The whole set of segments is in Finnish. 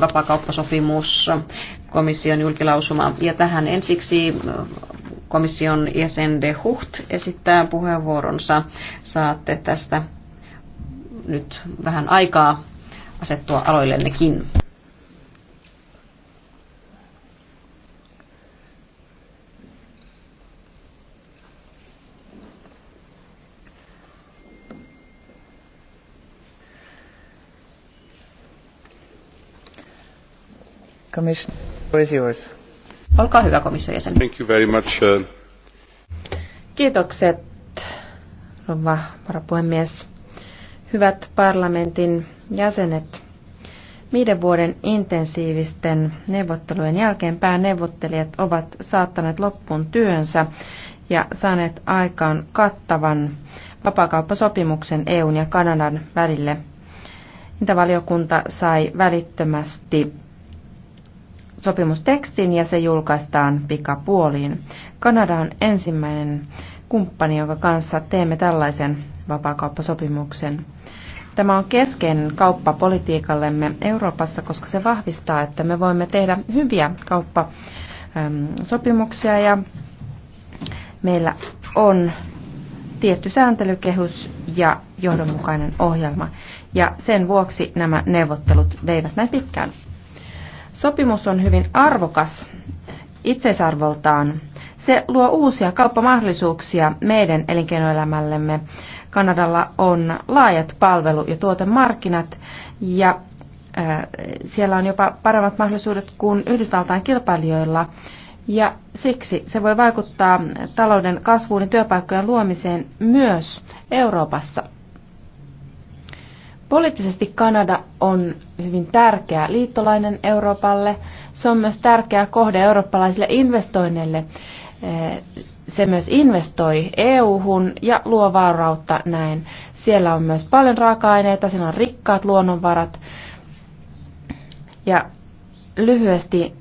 vapakauppasopimus, komission julkilausuma. Ja tähän ensiksi äh, komission jäsen de Hucht esittää puheenvuoronsa. Saatte tästä nyt vähän aikaa asettua aloillennekin. Olkaa hyvä komission jäsen. Thank you very much. Uh, Kiitokset, rouva varapuhemies. Hyvät parlamentin jäsenet, viiden vuoden intensiivisten neuvottelujen jälkeen pääneuvottelijat ovat saattaneet loppuun työnsä ja saaneet aikaan kattavan vapakauppasopimuksen EUn ja Kanadan välille. valiokunta sai välittömästi sopimustekstin ja se julkaistaan pikapuoliin. Kanada on ensimmäinen kumppani, jonka kanssa teemme tällaisen vapaakauppasopimuksen. Tämä on kesken kauppapolitiikallemme Euroopassa, koska se vahvistaa, että me voimme tehdä hyviä kauppasopimuksia ja meillä on tietty sääntelykehys ja johdonmukainen ohjelma. Ja sen vuoksi nämä neuvottelut veivät näin pitkään. Sopimus on hyvin arvokas itseisarvoltaan. Se luo uusia kauppamahdollisuuksia meidän elinkeinoelämällemme. Kanadalla on laajat palvelu- ja tuotemarkkinat ja siellä on jopa paremmat mahdollisuudet kuin Yhdysvaltain kilpailijoilla. Ja siksi se voi vaikuttaa talouden kasvuun ja työpaikkojen luomiseen myös Euroopassa. Poliittisesti Kanada on hyvin tärkeä liittolainen Euroopalle. Se on myös tärkeä kohde eurooppalaisille investoinneille. Eh, se myös investoi EU-hun ja luo vaurautta näin. Siellä on myös paljon raaka-aineita, siellä on rikkaat luonnonvarat. Ja lyhyesti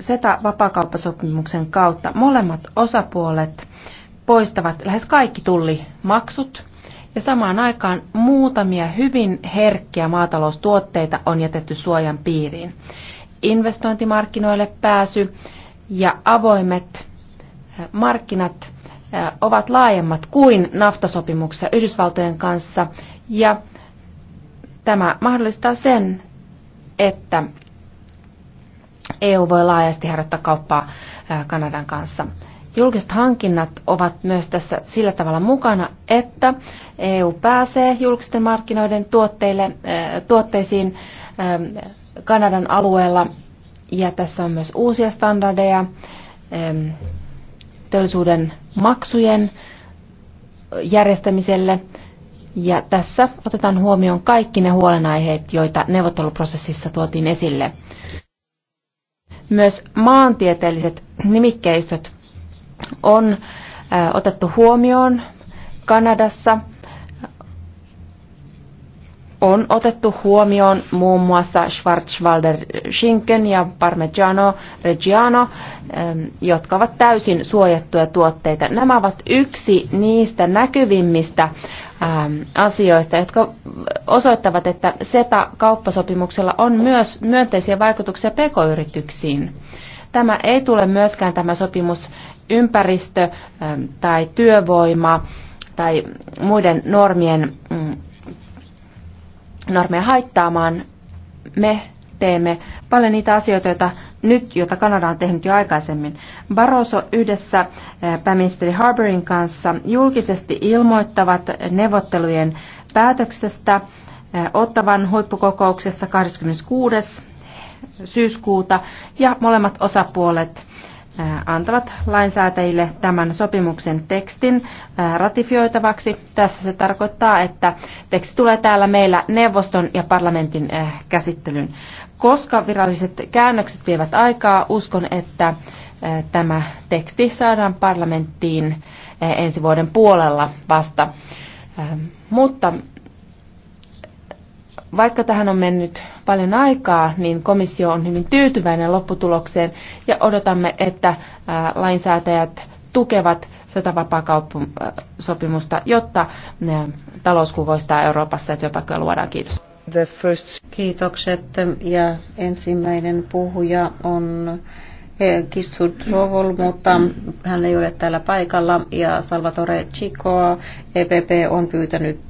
SETA-vapakauppasopimuksen kautta molemmat osapuolet poistavat lähes kaikki tullimaksut ja samaan aikaan muutamia hyvin herkkiä maataloustuotteita on jätetty suojan piiriin. Investointimarkkinoille pääsy ja avoimet äh, markkinat äh, ovat laajemmat kuin naftasopimuksessa Yhdysvaltojen kanssa ja tämä mahdollistaa sen, että EU voi laajasti harjoittaa kauppaa äh, Kanadan kanssa. Julkiset hankinnat ovat myös tässä sillä tavalla mukana, että EU pääsee julkisten markkinoiden tuotteille, tuotteisiin Kanadan alueella ja tässä on myös uusia standardeja teollisuuden maksujen järjestämiselle. Ja tässä otetaan huomioon kaikki ne huolenaiheet, joita neuvotteluprosessissa tuotiin esille. Myös maantieteelliset nimikkeistöt on äh, otettu huomioon Kanadassa. On otettu huomioon muun muassa Schwarzwalder Schinken ja Parmigiano Reggiano, ähm, jotka ovat täysin suojattuja tuotteita. Nämä ovat yksi niistä näkyvimmistä ähm, asioista, jotka osoittavat, että SETA-kauppasopimuksella on myös myönteisiä vaikutuksia pk-yrityksiin. Tämä ei tule myöskään tämä sopimus ympäristö tai työvoima tai muiden normien, mm, normien haittaamaan, me teemme paljon niitä asioita, joita nyt, joita Kanada on tehnyt jo aikaisemmin. Barroso yhdessä pääministeri Harberin kanssa julkisesti ilmoittavat neuvottelujen päätöksestä ottavan huippukokouksessa 26 syyskuuta ja molemmat osapuolet Äh, antavat lainsäätäjille tämän sopimuksen tekstin äh, ratifioitavaksi. Tässä se tarkoittaa, että teksti tulee täällä meillä neuvoston ja parlamentin äh, käsittelyn. Koska viralliset käännökset vievät aikaa, uskon, että tämä teksti saadaan parlamenttiin ensi vuoden puolella vasta. Mutta vaikka tähän on mennyt paljon aikaa, niin komissio on hyvin tyytyväinen lopputulokseen ja odotamme, että lainsäätäjät tukevat tätä vapaakauppasopimusta, jotta talous kukoistaa Euroopassa ja työpaikkoja luodaan. Kiitos. The first... Kiitokset ja ensimmäinen puhuja on Kistudrovol, mutta hän ei ole täällä paikalla. Ja Salvatore Chico, EPP, on pyytänyt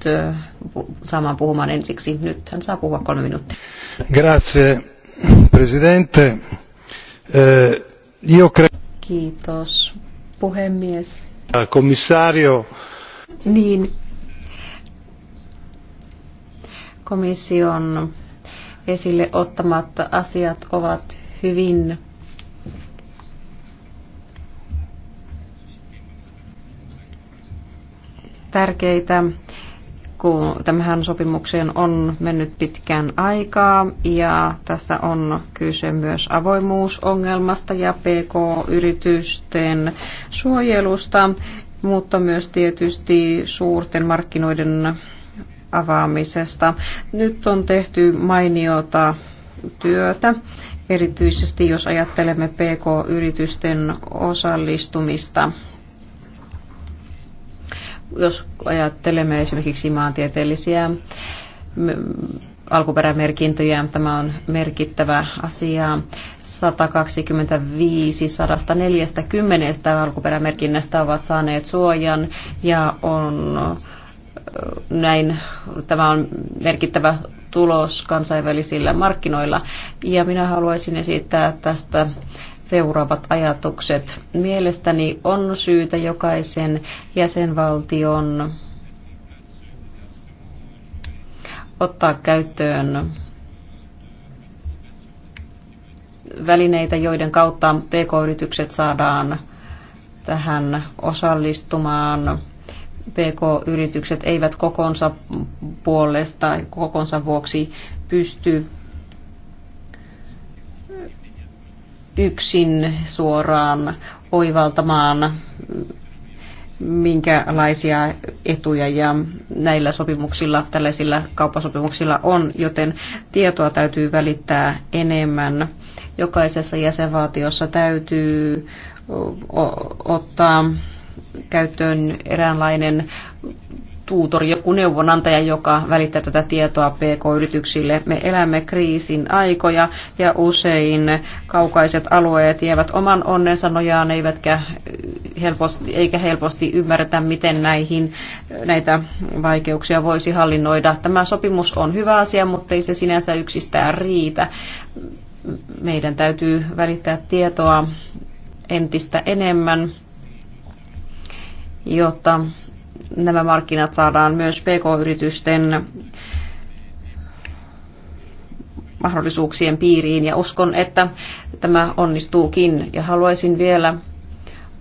saamaan puhumaan ensiksi. Nyt hän saa puhua kolme minuuttia. Grazie, presidente. Eh, io cre- Kiitos, puhemies. Komissario. Eh, niin. Komission esille ottamat asiat ovat hyvin tärkeitä, kun tämähän sopimukseen on mennyt pitkään aikaa ja tässä on kyse myös avoimuusongelmasta ja PK-yritysten suojelusta, mutta myös tietysti suurten markkinoiden avaamisesta. Nyt on tehty mainiota työtä, erityisesti jos ajattelemme PK-yritysten osallistumista jos ajattelemme esimerkiksi maantieteellisiä alkuperämerkintöjä. Tämä on merkittävä asia. 125 140 alkuperämerkinnästä ovat saaneet suojan ja on näin, tämä on merkittävä tulos kansainvälisillä markkinoilla. Ja minä haluaisin esittää tästä seuraavat ajatukset. Mielestäni on syytä jokaisen jäsenvaltion ottaa käyttöön välineitä, joiden kautta pk-yritykset saadaan tähän osallistumaan. PK-yritykset eivät kokonsa puolesta, kokonsa vuoksi pysty yksin suoraan oivaltamaan, minkälaisia etuja ja näillä sopimuksilla, tällaisilla kauppasopimuksilla on, joten tietoa täytyy välittää enemmän. Jokaisessa jäsenvaltiossa täytyy ottaa käyttöön eräänlainen tuutori, joku neuvonantaja, joka välittää tätä tietoa PK-yrityksille. Me elämme kriisin aikoja ja usein kaukaiset alueet jäävät oman onnensa nojaan, eivätkä helposti, eikä helposti ymmärretä, miten näihin, näitä vaikeuksia voisi hallinnoida. Tämä sopimus on hyvä asia, mutta ei se sinänsä yksistään riitä. Meidän täytyy välittää tietoa entistä enemmän, jotta nämä markkinat saadaan myös pk-yritysten mahdollisuuksien piiriin ja uskon, että tämä onnistuukin. Ja haluaisin vielä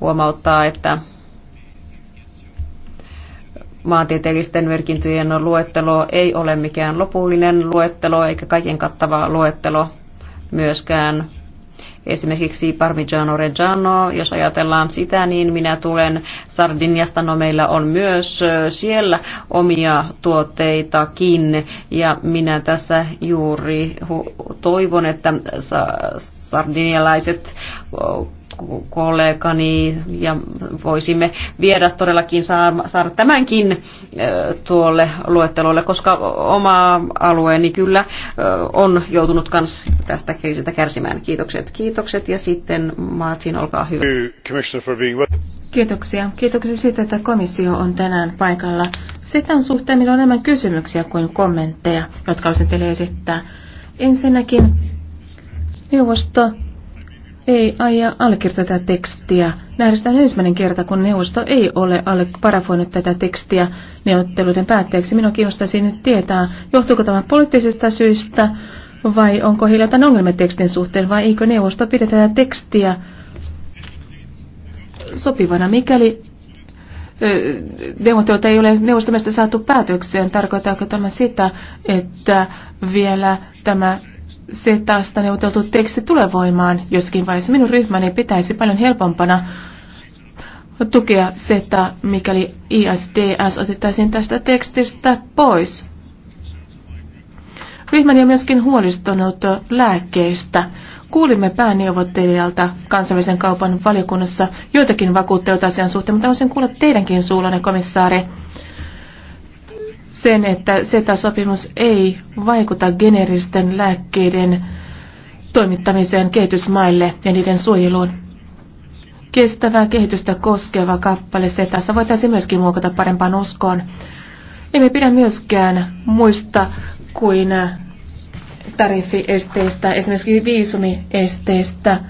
huomauttaa, että maantieteellisten merkintöjen luettelo ei ole mikään lopullinen luettelo eikä kaiken kattava luettelo myöskään Esimerkiksi Parmigiano Reggiano, jos ajatellaan sitä, niin minä tulen Sardiniasta, no meillä on myös siellä omia tuotteitakin ja minä tässä juuri toivon, että sardinialaiset kollegani ja voisimme viedä todellakin saada, saada tämänkin tuolle luettelolle, koska oma alueeni kyllä on joutunut myös tästä kriisistä kärsimään. Kiitokset, kiitokset ja sitten Martin, olkaa hyvä. Kiitoksia. Kiitoksia siitä, että komissio on tänään paikalla. Sitä on suhteen minulla on enemmän kysymyksiä kuin kommentteja, jotka olisin teille esittää. Ensinnäkin neuvosto ei aia allekirjoita tätä tekstiä. Nähdään ensimmäinen kerta, kun neuvosto ei ole alle parafoinut tätä tekstiä neuvotteluiden päätteeksi. Minua kiinnostaisi nyt tietää, johtuuko tämä poliittisista syistä vai onko heillä jotain ongelmia tekstin suhteen vai eikö neuvosto pidä tätä tekstiä sopivana, mikäli neuvottelut ei ole neuvostomista saatu päätökseen. Tarkoittaako tämä sitä, että vielä tämä se taas neuvoteltu teksti tulee voimaan, joskin vaiheessa minun ryhmäni pitäisi paljon helpompana tukea SETA, mikäli ISDS otettaisiin tästä tekstistä pois. Ryhmäni on myöskin huolestunut lääkkeistä. Kuulimme pääneuvottelijalta kansainvälisen kaupan valiokunnassa joitakin vakuutteluita asian suhteen, mutta voisin kuulla teidänkin suullanne, komissaari sen, että ceta sopimus ei vaikuta generisten lääkkeiden toimittamiseen kehitysmaille ja niiden suojeluun. Kestävää kehitystä koskeva kappale SETAssa voitaisiin myöskin muokata parempaan uskoon. Emme pidä myöskään muista kuin tariffiesteistä, esimerkiksi viisumiesteistä –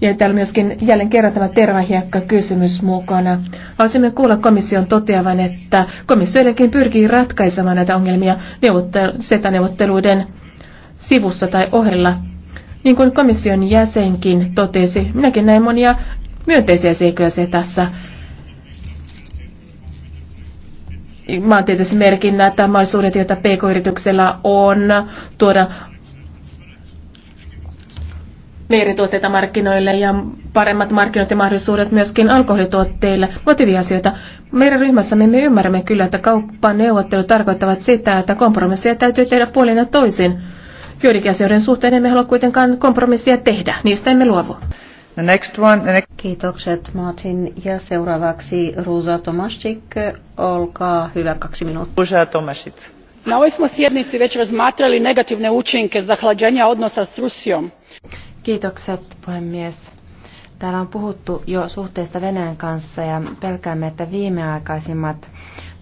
ja täällä myöskin jälleen kerran tämä tervahiekka kysymys mukana. Haluaisimme kuulla komission toteavan, että komissio pyrkii ratkaisemaan näitä ongelmia neuvottelu, sivussa tai ohella. Niin kuin komission jäsenkin totesi, minäkin näin monia myönteisiä seikkoja se tässä merkinnä että mahdollisuudet, joita pk-yrityksellä on tuoda leirituotteita markkinoille ja paremmat markkinointimahdollisuudet myöskin alkoholituotteille motiviasioita. Meidän ryhmässämme me ymmärrämme kyllä, että neuvottelu tarkoittavat sitä, että kompromisseja täytyy tehdä puolin ja toisin. Joidenkin asioiden suhteen emme halua kuitenkaan kompromissia tehdä, niistä emme luovu. The next one, the next... Kiitokset Martin. Ja seuraavaksi Ruza Tomasik, olkaa hyvä kaksi minuuttia. Ruza Tomasik. Na ovoj smo sjednici već razmatrali negativne učinke zahlađenja odnosa s Rusijom Kiitokset, puhemies. Täällä on puhuttu jo suhteesta Venäjän kanssa ja pelkäämme, että viimeaikaisimmat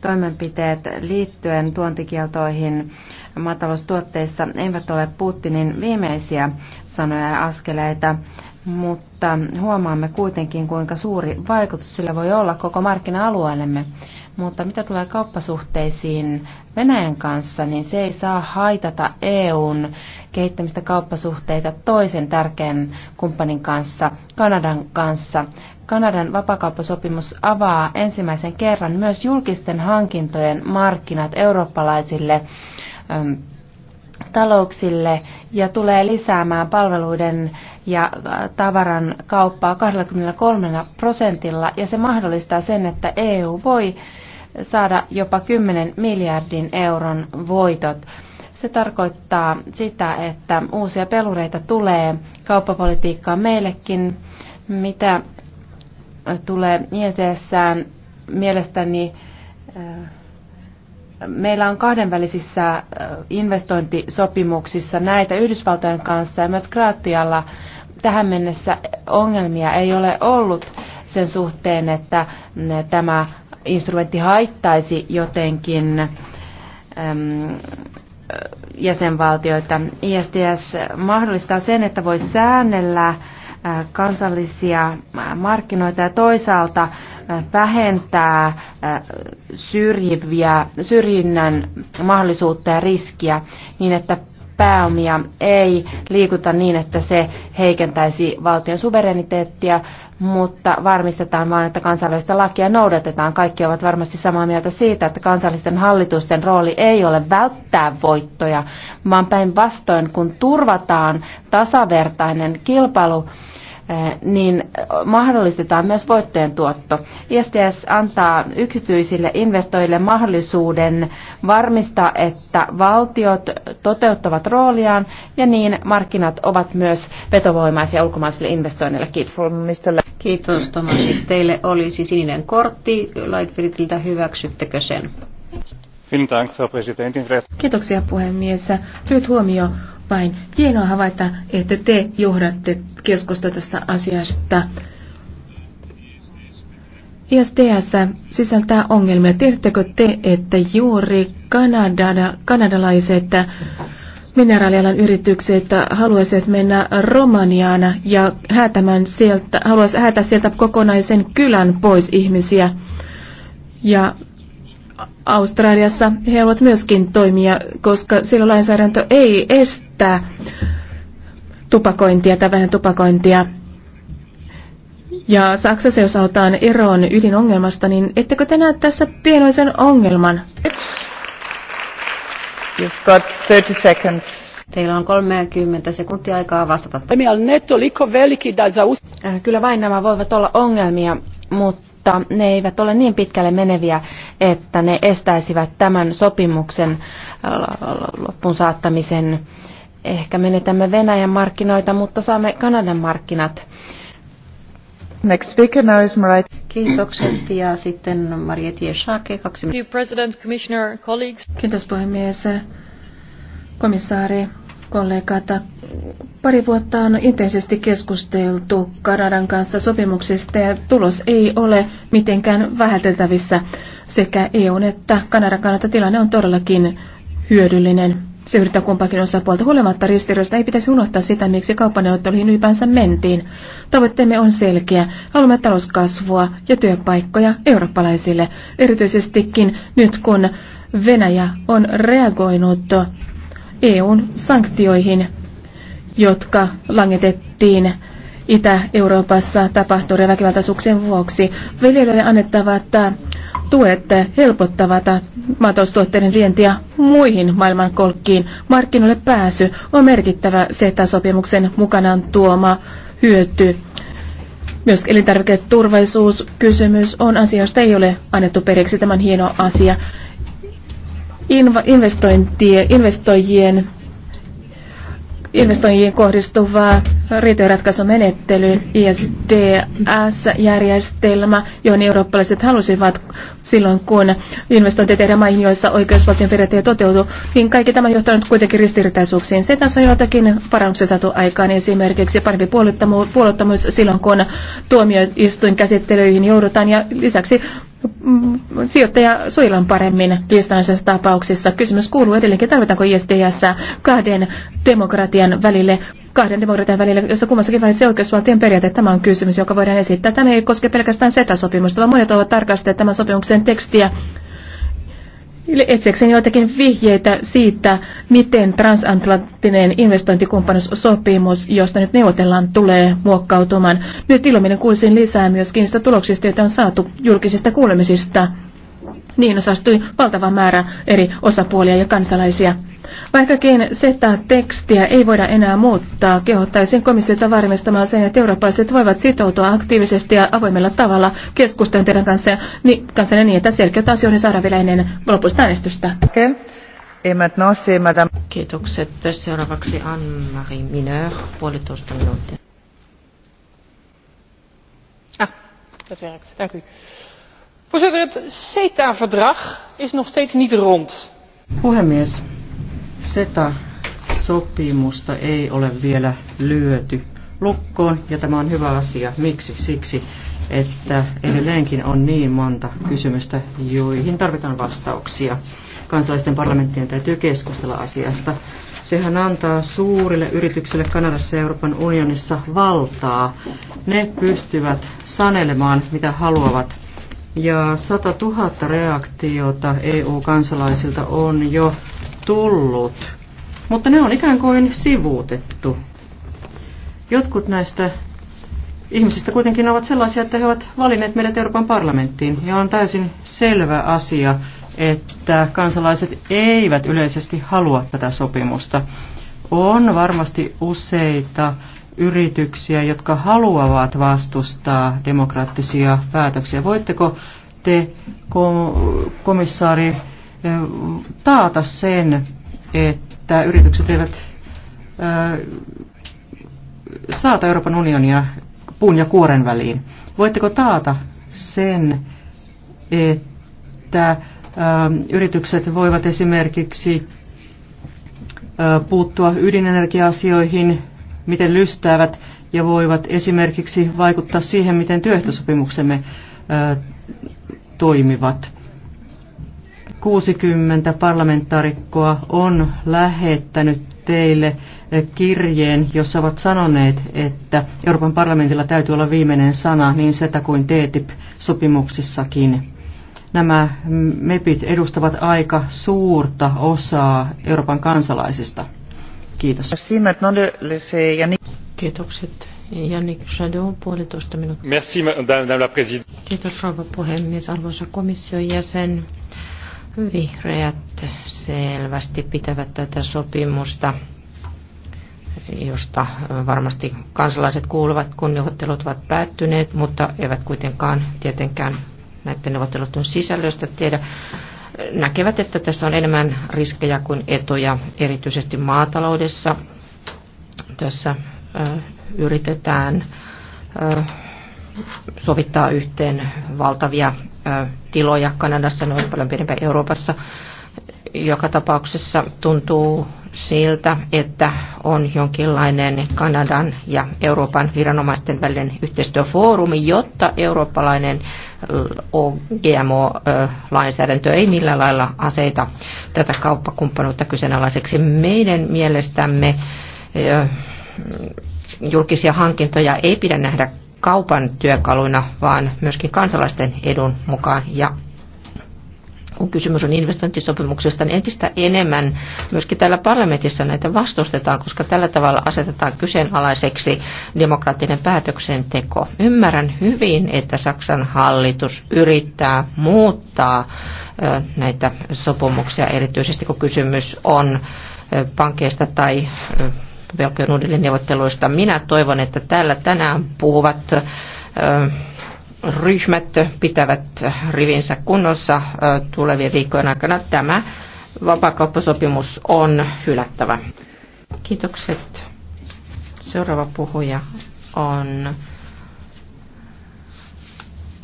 toimenpiteet liittyen tuontikieltoihin maataloustuotteissa eivät ole Putinin viimeisiä sanoja ja askeleita, mutta huomaamme kuitenkin, kuinka suuri vaikutus sillä voi olla koko markkina-alueellemme. Mutta mitä tulee kauppasuhteisiin Venäjän kanssa, niin se ei saa haitata EUn kehittämistä kauppasuhteita toisen tärkeän kumppanin kanssa, Kanadan kanssa. Kanadan vapakauppasopimus avaa ensimmäisen kerran myös julkisten hankintojen markkinat eurooppalaisille ähm, talouksille ja tulee lisäämään palveluiden ja äh, tavaran kauppaa 23 prosentilla ja se mahdollistaa sen, että EU voi saada jopa 10 miljardin euron voitot. Se tarkoittaa sitä, että uusia pelureita tulee kauppapolitiikkaan meillekin, mitä tulee ISSään mielestäni meillä on kahdenvälisissä investointisopimuksissa näitä Yhdysvaltojen kanssa ja myös Kroatialla tähän mennessä ongelmia ei ole ollut sen suhteen, että tämä instrumentti haittaisi jotenkin jäsenvaltioita. ISDS mahdollistaa sen, että voi säännellä äh, kansallisia äh, markkinoita ja toisaalta äh, vähentää syrjiviä, syrjinnän mahdollisuutta ja riskiä niin, että pääomia ei liikuta niin, että se heikentäisi valtion suvereniteettia, mutta varmistetaan vain, että kansainvälistä lakia noudatetaan. Kaikki ovat varmasti samaa mieltä siitä, että kansallisten hallitusten rooli ei ole välttää voittoja, vaan päinvastoin, kun turvataan tasavertainen kilpailu, niin mahdollistetaan myös voittojen tuotto. ISDS antaa yksityisille investoijille mahdollisuuden varmistaa, että valtiot toteuttavat rooliaan ja niin markkinat ovat myös vetovoimaisia ulkomaisille investoinneille. Kiitos. Kiitos Tomas. Teille olisi sininen kortti Lightfieldiltä. Hyväksyttekö sen? Kiitoksia puhemies. Nyt huomio vain. Hienoa havaita, että te johdatte keskustelua tästä asiasta. ISTS sisältää ongelmia. Tiedättekö te, että juuri Kanadana, kanadalaiset mineraalialan yritykset haluaisivat mennä Romaniaan ja häätämään sieltä, haluaisivat häätää sieltä kokonaisen kylän pois ihmisiä. Ja Australiassa he ovat myöskin toimia, koska silloin lainsäädäntö ei estä tupakointia tai vähän tupakointia. Ja Saksassa, jos sanotaan eroon ydinongelmasta, niin ettekö te näe tässä pienoisen ongelman? You've got 30 seconds. Teillä on 30 sekuntia aikaa vastata. Äh, kyllä vain nämä voivat olla ongelmia, mutta mutta ne eivät ole niin pitkälle meneviä, että ne estäisivät tämän sopimuksen äh, loppuun saattamisen. Ehkä menetämme Venäjän markkinoita, mutta saamme Kanadan markkinat. Next speaker now is Mariette. Kiitokset ja sitten Mariette Schake, kaksi minuuttia. Kiitos puhemies, komissaari, kollegat, pari vuotta on intensiivisesti keskusteltu Kanadan kanssa sopimuksesta ja tulos ei ole mitenkään vähäteltävissä. Sekä EUn että Kanadan kannalta tilanne on todellakin hyödyllinen. Se yrittää kumpakin osapuolta huolimatta ristiriidasta Ei pitäisi unohtaa sitä, miksi kauppaneuvotteluihin ylipäänsä mentiin. Tavoitteemme on selkeä. Haluamme talouskasvua ja työpaikkoja eurooppalaisille. Erityisestikin nyt, kun Venäjä on reagoinut EUn sanktioihin, jotka langetettiin Itä-Euroopassa tapahtuneen väkivaltaisuuksien vuoksi. Viljelijöille annettavat äh, tuet helpottavat maataloustuotteiden vientiä muihin maailmankolkkiin. Markkinoille pääsy on merkittävä CETA-sopimuksen mukanaan tuoma hyöty. Myös elintarviketurvallisuuskysymys on asia, josta ei ole annettu periksi tämän hieno asia investoijien, investoijien kohdistuvaa riitojenratkaisumenettely, ISDS-järjestelmä, johon eurooppalaiset halusivat silloin, kun investointi tehdään maihin, joissa oikeusvaltion periaatteet toteutuu, niin kaikki tämä johtaa nyt kuitenkin ristiriitaisuuksiin. Se tässä on jotakin parannuksia saatu aikaan, esimerkiksi parempi puolottamus silloin, kun käsittelyihin joudutaan, ja lisäksi Mm, sijoittaja suojellaan paremmin kiistanlaisissa tapauksissa. Kysymys kuuluu edelleenkin, tarvitaanko ISDS kahden demokratian välille, kahden demokratian välille, jossa kummassakin välissä oikeusvaltion periaate. Tämä on kysymys, joka voidaan esittää. Tämä ei koske pelkästään SETA-sopimusta, vaan monet ovat tarkastaneet tämän sopimuksen tekstiä etsiäkseni joitakin vihjeitä siitä, miten transatlanttinen investointikumppanuussopimus, josta nyt neuvotellaan, tulee muokkautumaan. Nyt ilominen kuulisin lisää myöskin sitä tuloksista, joita on saatu julkisista kuulemisista. Niihin osastui valtava määrä eri osapuolia ja kansalaisia. Vaikkakin SETA-tekstiä ei voida enää muuttaa, kehottaisin komissiota varmistamaan sen, että eurooppalaiset voivat sitoutua aktiivisesti ja avoimella tavalla keskustelun teidän kanssa, ja, niin, kanssanne niin, että selkeät asioihin saadaan vielä ennen lopuista äänestystä. Okay. Kiitokset. Seuraavaksi Anne-Marie Mineur, puolitoista minuuttia. Ah, Voorzitter, het CETA-verdrag is nog steeds niet rond. Puhemies, CETA-sopimusta ei ole vielä lyöty lukkoon ja tämä on hyvä asia. Miksi? Siksi, että edelleenkin on niin monta kysymystä, joihin tarvitaan vastauksia. Kansallisten parlamenttien täytyy keskustella asiasta. Sehän antaa suurille yrityksille Kanadassa ja Euroopan unionissa valtaa. Ne pystyvät sanelemaan, mitä haluavat ja 100 000 reaktiota EU-kansalaisilta on jo tullut, mutta ne on ikään kuin sivuutettu. Jotkut näistä ihmisistä kuitenkin ovat sellaisia, että he ovat valinneet meidät Euroopan parlamenttiin. Ja on täysin selvä asia, että kansalaiset eivät yleisesti halua tätä sopimusta. On varmasti useita yrityksiä, jotka haluavat vastustaa demokraattisia päätöksiä. Voitteko te, komissaari, eh, taata sen, että yritykset eivät eh, saata Euroopan unionia puun ja kuoren väliin? Voitteko taata sen, että eh, yritykset voivat esimerkiksi puuttua ydinenergia-asioihin miten lystäävät ja voivat esimerkiksi vaikuttaa siihen, miten työehtosopimuksemme toimivat. 60 parlamentaarikkoa on lähettänyt teille kirjeen, jossa ovat sanoneet, että Euroopan parlamentilla täytyy olla viimeinen sana niin setä kuin TTIP-sopimuksissakin. Nämä MEPit edustavat aika suurta osaa Euroopan kansalaisista. Kiitos. Kiitokset. Jannik Shadow, puolitoista minuuttia. Merci, madame la présidente. Kiitos, rouva puhemies. Arvoisa komission jäsen, vihreät selvästi pitävät tätä sopimusta josta varmasti kansalaiset kuuluvat, kun neuvottelut ovat päättyneet, mutta eivät kuitenkaan tietenkään näiden neuvottelutun sisällöstä tiedä näkevät, että tässä on enemmän riskejä kuin etuja, erityisesti maataloudessa. Tässä yritetään sovittaa yhteen valtavia tiloja Kanadassa, noin paljon pidempiä Euroopassa joka tapauksessa tuntuu siltä, että on jonkinlainen Kanadan ja Euroopan viranomaisten välinen yhteistyöfoorumi, jotta eurooppalainen GMO-lainsäädäntö ei millään lailla aseita tätä kauppakumppanuutta kyseenalaiseksi. Meidän mielestämme julkisia hankintoja ei pidä nähdä kaupan työkaluina, vaan myöskin kansalaisten edun mukaan ja kun kysymys on investointisopimuksesta, niin entistä enemmän myöskin täällä parlamentissa näitä vastustetaan, koska tällä tavalla asetetaan kyseenalaiseksi demokraattinen päätöksenteko. Ymmärrän hyvin, että Saksan hallitus yrittää muuttaa näitä sopimuksia, erityisesti kun kysymys on pankeista tai velkojen uudelleen neuvotteluista. Minä toivon, että täällä tänään puhuvat ryhmät pitävät rivinsä kunnossa tulevien viikkojen aikana. Tämä vapakauppasopimus on hylättävä. Kiitokset. Seuraava puhuja on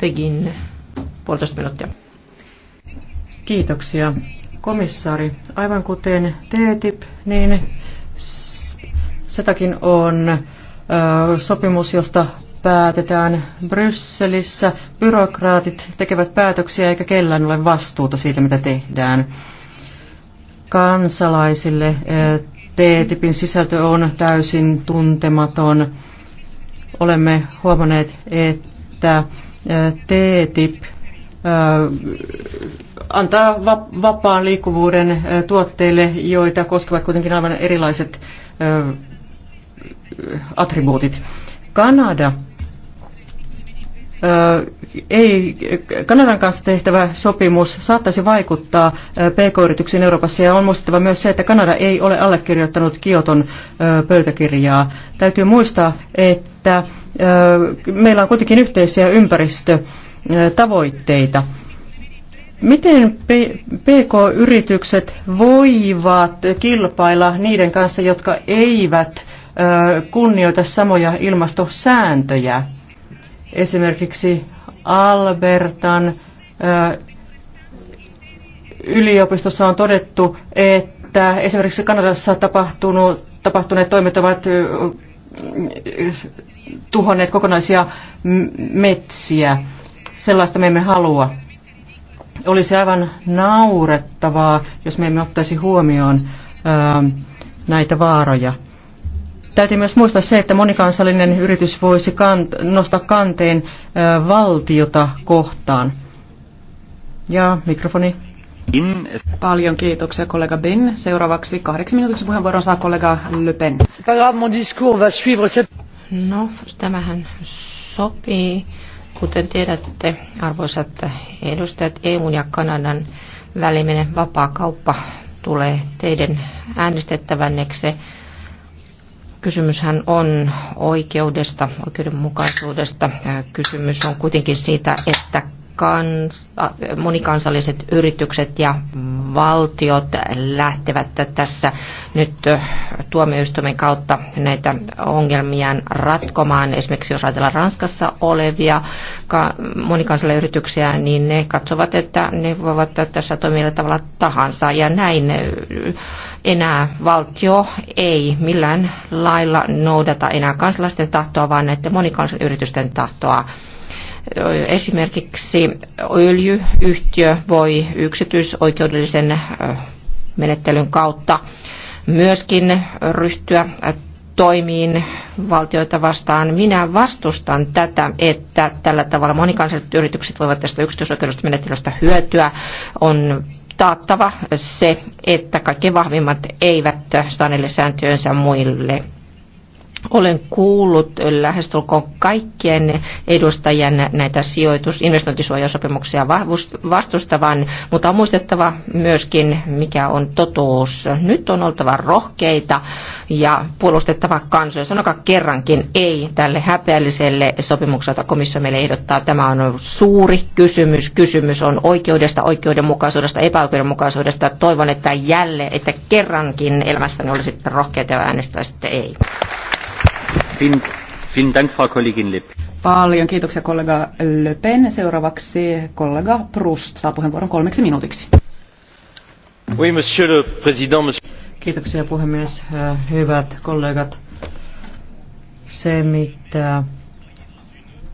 Pegin puolitoista minuuttia. Kiitoksia. Komissaari, aivan kuten TTIP, niin setakin on sopimus, josta päätetään Brysselissä. Byrokraatit tekevät päätöksiä eikä kellään ole vastuuta siitä, mitä tehdään. Kansalaisille eh, TTIPin sisältö on täysin tuntematon. Olemme huomanneet, että eh, TTIP eh, antaa vapaan liikkuvuuden tuotteille, joita koskevat kuitenkin aivan erilaiset attribuutit. Kanada ei, Kanadan kanssa tehtävä sopimus saattaisi vaikuttaa PK-yrityksiin Euroopassa ja on muistettava myös se, että Kanada ei ole allekirjoittanut Kioton pöytäkirjaa. Täytyy muistaa, että meillä on kuitenkin yhteisiä ympäristötavoitteita. Miten PK-yritykset voivat kilpailla niiden kanssa, jotka eivät kunnioita samoja ilmastosääntöjä? esimerkiksi Albertan yliopistossa on todettu, että esimerkiksi Kanadassa tapahtunut, tapahtuneet toimet ovat tuhonneet kokonaisia metsiä. Sellaista me emme halua. Olisi aivan naurettavaa, jos me emme ottaisi huomioon näitä vaaroja. Täytyy myös muistaa se, että monikansallinen yritys voisi kant- nostaa kanteen ö, valtiota kohtaan. Ja mikrofoni. In. Paljon kiitoksia kollega Bin. Seuraavaksi kahdeksan minuutiksi puheenvuoron saa kollega Le Pen. No, tämähän sopii. Kuten tiedätte, arvoisat edustajat, EUn ja Kanadan väliminen vapaa kauppa tulee teidän äänestettävänneksi Kysymyshän on oikeudesta, oikeudenmukaisuudesta. Kysymys on kuitenkin siitä, että kans, monikansalliset yritykset ja valtiot lähtevät tässä nyt tuomioistuimen kautta näitä ongelmiaan ratkomaan. Esimerkiksi jos ajatellaan Ranskassa olevia monikansallisia yrityksiä, niin ne katsovat, että ne voivat tässä toimia tavalla tahansa. Ja näin enää valtio ei millään lailla noudata enää kansalaisten tahtoa, vaan näiden monikansallisten yritysten tahtoa Esimerkiksi öljyyhtiö voi yksityisoikeudellisen menettelyn kautta myöskin ryhtyä toimiin valtioita vastaan. Minä vastustan tätä, että tällä tavalla monikansalliset yritykset voivat tästä yksityisoikeudellisesta menettelystä hyötyä. On taattava se, että kaikkein vahvimmat eivät sanelle sääntöönsä muille olen kuullut lähestulkoon kaikkien edustajien näitä sijoitus- investointisuojasopimuksia vastustavan, mutta on muistettava myöskin, mikä on totuus. Nyt on oltava rohkeita ja puolustettava kansoja. Sanokaa kerrankin ei tälle häpeälliselle sopimukselle, jota komissio meille ehdottaa. Tämä on suuri kysymys. Kysymys on oikeudesta, oikeudenmukaisuudesta, epäoikeudenmukaisuudesta. Toivon, että jälleen, että kerrankin elämässäni olisitte rohkeita ja äänestäisitte ei. Paljon kiitoksia kollega Le Pen. Seuraavaksi kollega Proust saa puheenvuoron kolmeksi minuutiksi. Oui, monsieur le président, monsieur... Kiitoksia puhemies. Hyvät kollegat, se mitä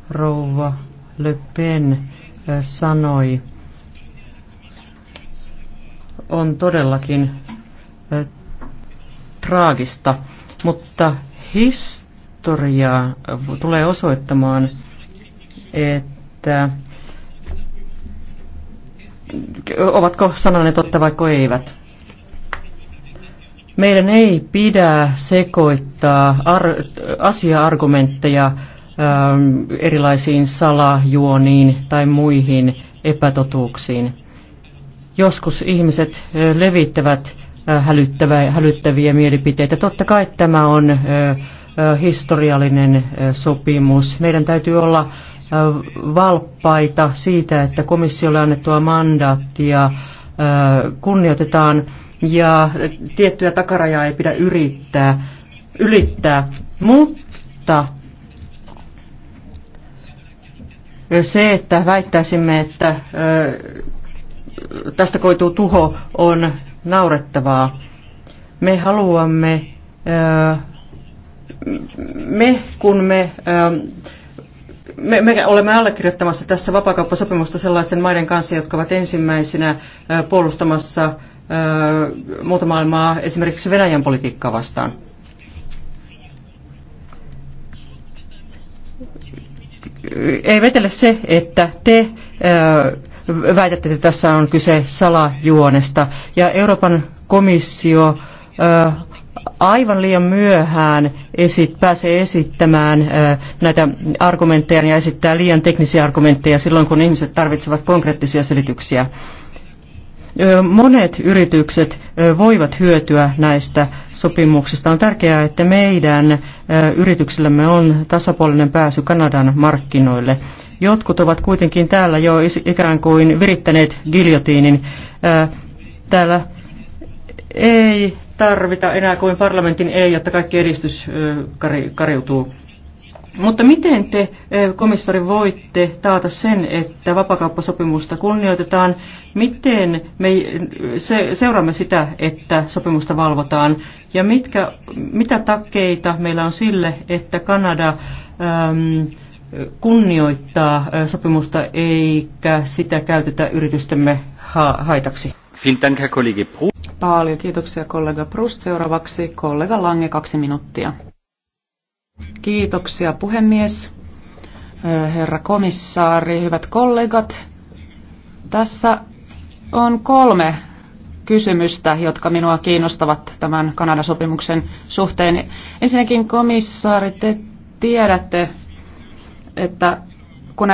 rouva Le Pen sanoi on todellakin traagista, mutta historia historia tulee osoittamaan, että ovatko sananne totta vai eivät. Meidän ei pidä sekoittaa ar- asia-argumentteja ähm, erilaisiin salajuoniin tai muihin epätotuuksiin. Joskus ihmiset äh, levittävät äh, hälyttäviä mielipiteitä. Totta kai tämä on äh, historiallinen sopimus. Meidän täytyy olla valppaita siitä, että komissiolle annettua mandaattia kunnioitetaan ja tiettyä takarajaa ei pidä yrittää, ylittää. Mutta se, että väittäisimme, että tästä koituu tuho, on naurettavaa. Me haluamme me, kun me, ähm, me, me olemme allekirjoittamassa tässä vapaakauppasopimusta sellaisten maiden kanssa, jotka ovat ensimmäisenä äh, puolustamassa äh, muuta maailmaa esimerkiksi Venäjän politiikkaa vastaan. Ei vetele se, että te äh, väitätte, että tässä on kyse salajuonesta. Ja Euroopan komissio aivan liian myöhään esit, pääsee esittämään näitä argumentteja ja esittää liian teknisiä argumentteja silloin, kun ihmiset tarvitsevat konkreettisia selityksiä. Monet yritykset voivat hyötyä näistä sopimuksista. On tärkeää, että meidän yrityksillämme on tasapuolinen pääsy Kanadan markkinoille. Jotkut ovat kuitenkin täällä jo ikään kuin virittäneet giljotiinin. Täällä ei tarvita enää kuin parlamentin ei, jotta kaikki edistys kariutuu. Mutta miten te, komissari, voitte taata sen, että vapakauppasopimusta kunnioitetaan? Miten me seuraamme sitä, että sopimusta valvotaan? Ja mitkä, mitä takkeita meillä on sille, että Kanada äm, kunnioittaa sopimusta eikä sitä käytetä yritystemme ha- haitaksi? Paljon kiitoksia kollega Prust. Seuraavaksi kollega Lange, kaksi minuuttia. Kiitoksia puhemies, herra komissaari, hyvät kollegat. Tässä on kolme kysymystä, jotka minua kiinnostavat tämän Kanadan sopimuksen suhteen. Ensinnäkin komissaari, te tiedätte, että kun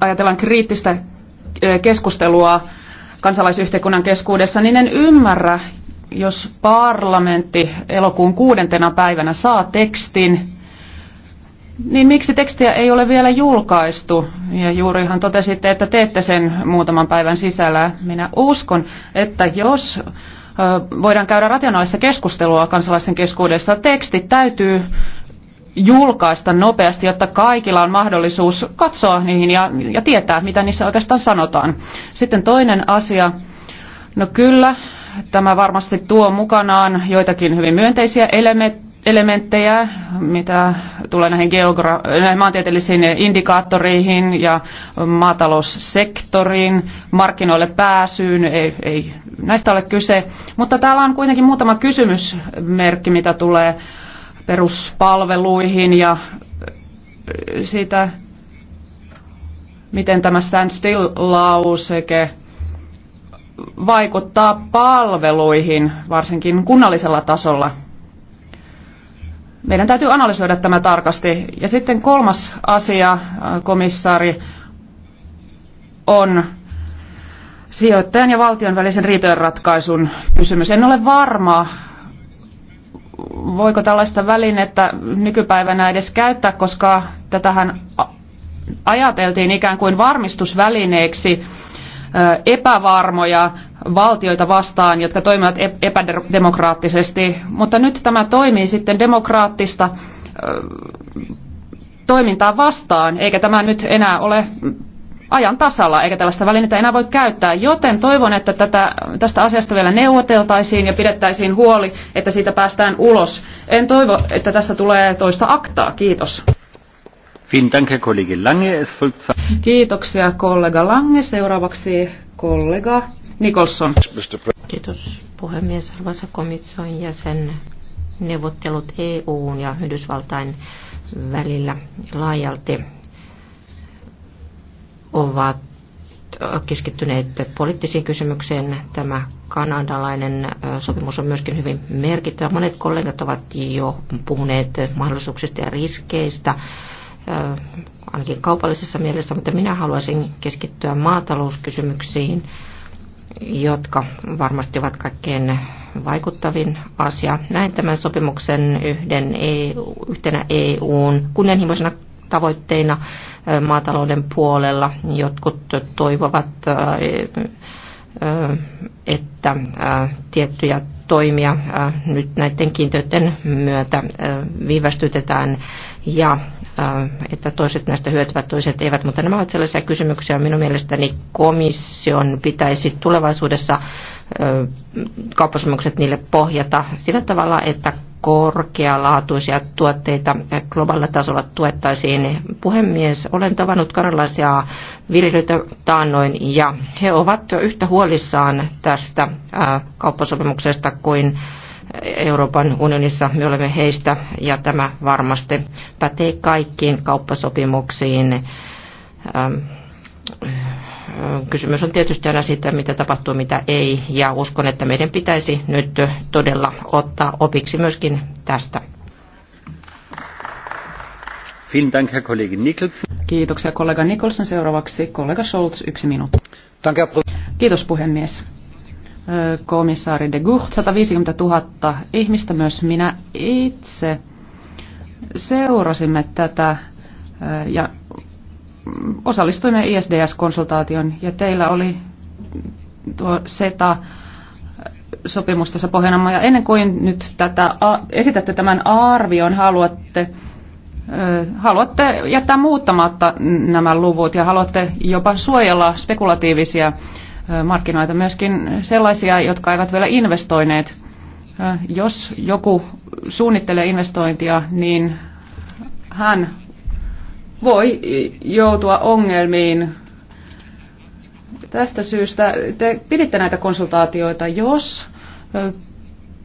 ajatellaan kriittistä keskustelua kansalaisyhteiskunnan keskuudessa, niin en ymmärrä, jos parlamentti elokuun kuudentena päivänä saa tekstin, niin miksi tekstiä ei ole vielä julkaistu? Ja juurihan totesitte, että teette sen muutaman päivän sisällä. Minä uskon, että jos voidaan käydä rationaalista keskustelua kansalaisten keskuudessa, tekstit täytyy julkaista nopeasti, jotta kaikilla on mahdollisuus katsoa niihin ja, ja tietää, mitä niissä oikeastaan sanotaan. Sitten toinen asia, no kyllä, tämä varmasti tuo mukanaan joitakin hyvin myönteisiä elementtejä, elementtejä, mitä tulee näihin, geogra- näihin maantieteellisiin indikaattoreihin ja maataloussektoriin, markkinoille pääsyyn, ei, ei näistä ole kyse. Mutta täällä on kuitenkin muutama kysymysmerkki, mitä tulee peruspalveluihin ja siitä, miten tämä stand still-lauseke vaikuttaa palveluihin, varsinkin kunnallisella tasolla. Meidän täytyy analysoida tämä tarkasti. Ja sitten kolmas asia, komissaari, on sijoittajan ja valtion välisen ratkaisun kysymys. En ole varma, voiko tällaista välinettä nykypäivänä edes käyttää, koska tätähän ajateltiin ikään kuin varmistusvälineeksi epävarmoja valtioita vastaan, jotka toimivat epädemokraattisesti, mutta nyt tämä toimii sitten demokraattista toimintaa vastaan, eikä tämä nyt enää ole ajan tasalla, eikä tällaista välinettä enää voi käyttää. Joten toivon, että tätä, tästä asiasta vielä neuvoteltaisiin ja pidettäisiin huoli, että siitä päästään ulos. En toivo, että tästä tulee toista aktaa. Kiitos. Kiitoksia kollega Lange. Seuraavaksi kollega Nikolson. Kiitos puhemies, arvoisa komission jäsen. Neuvottelut EUn ja Yhdysvaltain välillä laajalti ovat keskittyneet poliittisiin kysymyksiin. Tämä kanadalainen sopimus on myöskin hyvin merkittävä. Monet kollegat ovat jo puhuneet mahdollisuuksista ja riskeistä, ainakin kaupallisessa mielessä, mutta minä haluaisin keskittyä maatalouskysymyksiin, jotka varmasti ovat kaikkein vaikuttavin asia. Näin tämän sopimuksen yhden EU, yhtenä EUn kunnianhimoisena tavoitteina maatalouden puolella. Jotkut toivovat, että tiettyjä toimia nyt näiden kiintiöiden myötä viivästytetään ja että toiset näistä hyötyvät, toiset eivät. Mutta nämä ovat sellaisia kysymyksiä, minun mielestäni komission pitäisi tulevaisuudessa kauppasopimukset niille pohjata sillä tavalla, että korkealaatuisia tuotteita globaalilla tasolla tuettaisiin. Puhemies, olen tavannut kanalaisia viljelyitä taannoin ja he ovat yhtä huolissaan tästä kauppasopimuksesta kuin Euroopan unionissa me olemme heistä ja tämä varmasti pätee kaikkiin kauppasopimuksiin kysymys on tietysti aina siitä, mitä tapahtuu, mitä ei, ja uskon, että meidän pitäisi nyt todella ottaa opiksi myöskin tästä. Kiitoksia kollega Nicholson. Seuraavaksi kollega Scholz, yksi minuutti. Kiitos puhemies. Komissaari de Gucht, 150 000 ihmistä, myös minä itse. Seurasimme tätä ja osallistuimme ISDS-konsultaation ja teillä oli tuo SETA sopimus tässä pohjana. Ja ennen kuin nyt tätä, esitätte tämän arvion, haluatte, haluatte jättää muuttamatta nämä luvut ja haluatte jopa suojella spekulatiivisia markkinoita, myöskin sellaisia, jotka eivät vielä investoineet. Jos joku suunnittelee investointia, niin hän voi joutua ongelmiin. Tästä syystä te piditte näitä konsultaatioita, jos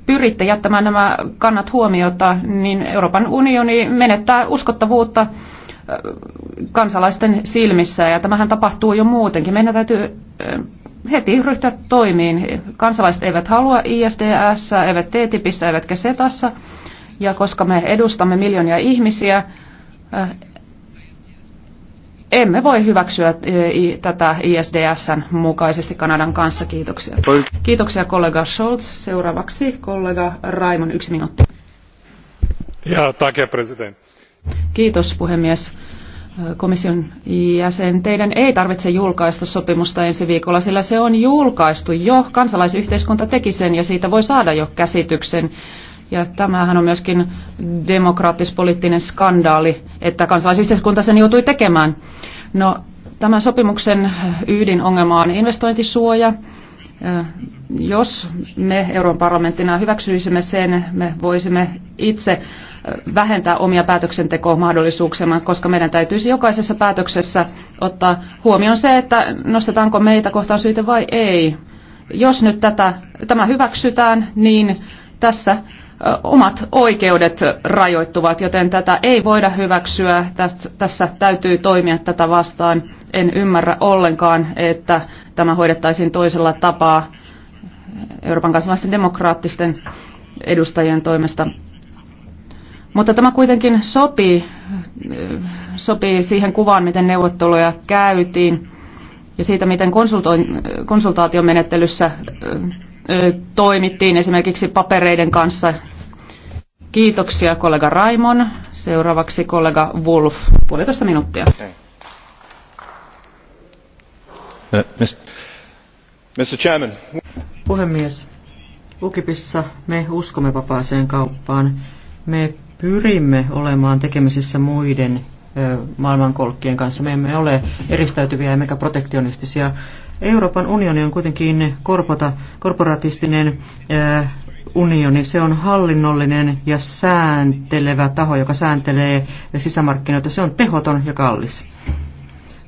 pyritte jättämään nämä kannat huomiota, niin Euroopan unioni menettää uskottavuutta kansalaisten silmissä ja tämähän tapahtuu jo muutenkin. Meidän täytyy heti ryhtyä toimiin. Kansalaiset eivät halua ISDS, eivät TTIPissä, eivätkä SETassa. Ja koska me edustamme miljoonia ihmisiä, emme voi hyväksyä e, tätä ISDSn mukaisesti Kanadan kanssa. Kiitoksia. Kiitoksia kollega Scholz. Seuraavaksi kollega Raimon yksi minuutti. Ja, tack, president. Kiitos puhemies. Komission jäsen, teidän ei tarvitse julkaista sopimusta ensi viikolla, sillä se on julkaistu jo. Kansalaisyhteiskunta teki sen ja siitä voi saada jo käsityksen ja tämähän on myöskin demokraattispoliittinen skandaali, että kansalaisyhteiskunta sen joutui tekemään. No, tämän sopimuksen ydinongelma on investointisuoja. Jos me Euroopan parlamenttina hyväksyisimme sen, me voisimme itse vähentää omia päätöksentekomahdollisuuksia, koska meidän täytyisi jokaisessa päätöksessä ottaa huomioon se, että nostetaanko meitä kohtaan syyte vai ei. Jos nyt tätä, tämä hyväksytään, niin tässä omat oikeudet rajoittuvat, joten tätä ei voida hyväksyä. Tässä täytyy toimia tätä vastaan. En ymmärrä ollenkaan, että tämä hoidettaisiin toisella tapaa Euroopan kansalaisten demokraattisten edustajien toimesta. Mutta tämä kuitenkin sopii, sopii siihen kuvaan, miten neuvotteluja käytiin ja siitä, miten konsultaatiomenettelyssä toimittiin esimerkiksi papereiden kanssa. Kiitoksia kollega Raimon. Seuraavaksi kollega Wolf. Puolitoista minuuttia. Uh, Mr. Chairman. Puhemies, Ukipissa me uskomme vapaaseen kauppaan. Me pyrimme olemaan tekemisissä muiden maailmankolkkien kanssa. Me emme ole eristäytyviä emmekä protektionistisia. Euroopan unioni on kuitenkin korpota, korporatistinen äh, unioni. Se on hallinnollinen ja sääntelevä taho, joka sääntelee sisämarkkinoita. Se on tehoton ja kallis.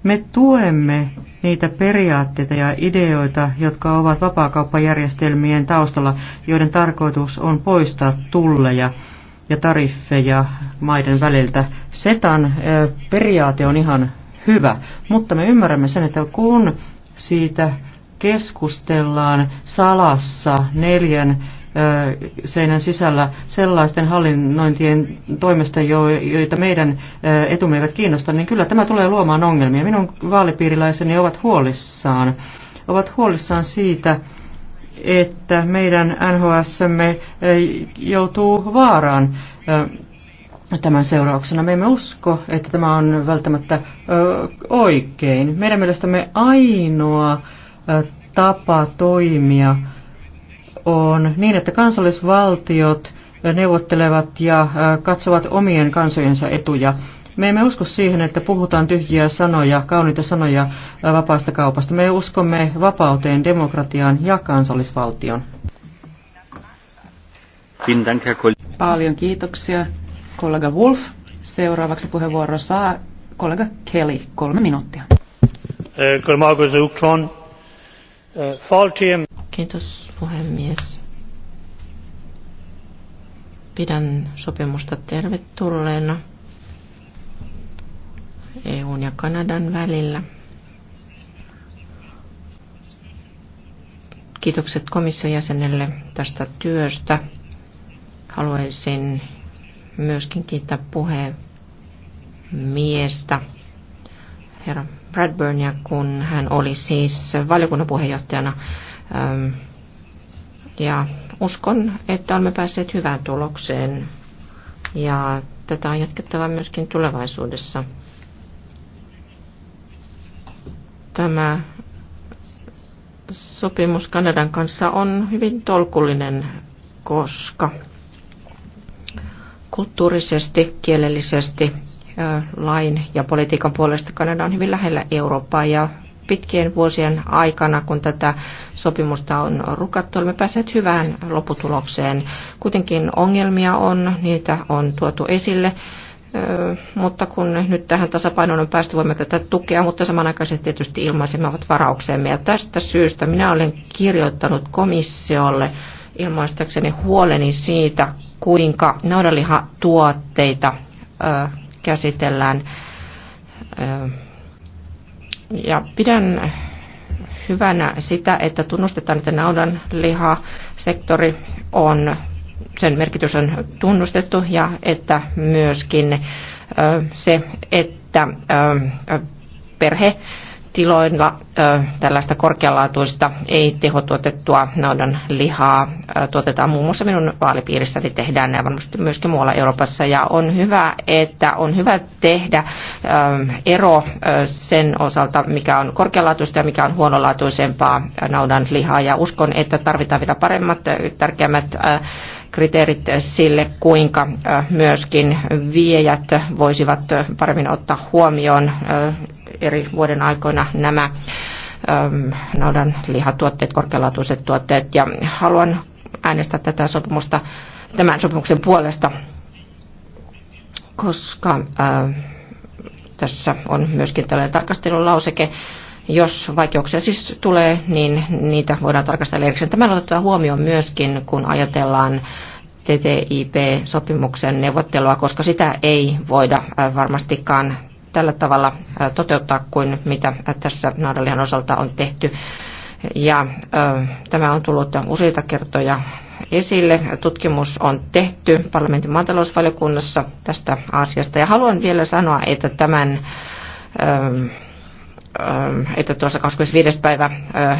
Me tuemme niitä periaatteita ja ideoita, jotka ovat vapaakauppajärjestelmien taustalla, joiden tarkoitus on poistaa tulleja ja tariffeja maiden väliltä. SETAn äh, periaate on ihan hyvä, mutta me ymmärrämme sen, että kun siitä keskustellaan salassa neljän seinän sisällä sellaisten hallinnointien toimesta, joita meidän etumme eivät kiinnosta, niin kyllä tämä tulee luomaan ongelmia. Minun vaalipiiriläiseni ovat huolissaan. Ovat huolissaan siitä, että meidän NHSmme joutuu vaaraan tämän seurauksena. Me emme usko, että tämä on välttämättä ö, oikein. Meidän mielestämme ainoa ö, tapa toimia on niin, että kansallisvaltiot neuvottelevat ja ö, katsovat omien kansojensa etuja. Me emme usko siihen, että puhutaan tyhjiä sanoja, kauniita sanoja vapaasta kaupasta. Me uskomme vapauteen, demokratiaan ja kansallisvaltion. Paljon kiitoksia kollega Wolf. Seuraavaksi puheenvuoro saa kollega Kelly. Kolme minuuttia. Kiitos puhemies. Pidän sopimusta tervetulleena EUn ja Kanadan välillä. Kiitokset komission jäsenelle tästä työstä. Haluaisin myöskin kiittää miestä, herra Bradburnia, kun hän oli siis valiokunnan puheenjohtajana. Ja uskon, että olemme päässeet hyvään tulokseen ja tätä on jatkettava myöskin tulevaisuudessa. Tämä sopimus Kanadan kanssa on hyvin tolkullinen, koska Kulttuurisesti, kielellisesti, lain ja politiikan puolesta Kanada on hyvin lähellä Eurooppaa ja pitkien vuosien aikana, kun tätä sopimusta on rukattu, olemme päässeet hyvään lopputulokseen. Kuitenkin ongelmia on, niitä on tuotu esille mutta kun nyt tähän tasapainoon on päästy, voimme tätä tukea, mutta samanaikaisesti tietysti ovat varauksemme. Ja tästä syystä minä olen kirjoittanut komissiolle ilmaistakseni huoleni siitä, kuinka naudanlihatuotteita ö, käsitellään. Ö, ja pidän hyvänä sitä, että tunnustetaan, että naudanlihasektori on, sen merkitys on tunnustettu ja että myöskin ö, se, että ö, perhe tiloilla tällaista korkealaatuista ei-tehotuotettua naudan lihaa tuotetaan muun muassa minun vaalipiirissäni tehdään ja varmasti myöskin muualla Euroopassa. Ja on hyvä, että on hyvä tehdä ero sen osalta, mikä on korkealaatuista ja mikä on huonolaatuisempaa naudan lihaa. Ja uskon, että tarvitaan vielä paremmat, tärkeämmät kriteerit sille, kuinka myöskin viejät voisivat paremmin ottaa huomioon eri vuoden aikoina nämä ähm, naudan lihatuotteet, korkealaatuiset tuotteet. Ja haluan äänestää tätä sopimusta, tämän sopimuksen puolesta, koska ää, äh, tässä on myöskin tällainen tarkastelulauseke. Jos vaikeuksia siis tulee, niin niitä voidaan tarkastella erikseen. Tämä on otettava huomioon myöskin, kun ajatellaan TTIP-sopimuksen neuvottelua, koska sitä ei voida äh, varmastikaan tällä tavalla toteuttaa kuin mitä tässä Naudalihan osalta on tehty. Ja ö, tämä on tullut useita kertoja esille. Tutkimus on tehty parlamentin maatalousvaliokunnassa tästä asiasta. Ja haluan vielä sanoa, että tämän ö, että tuossa 25. päivä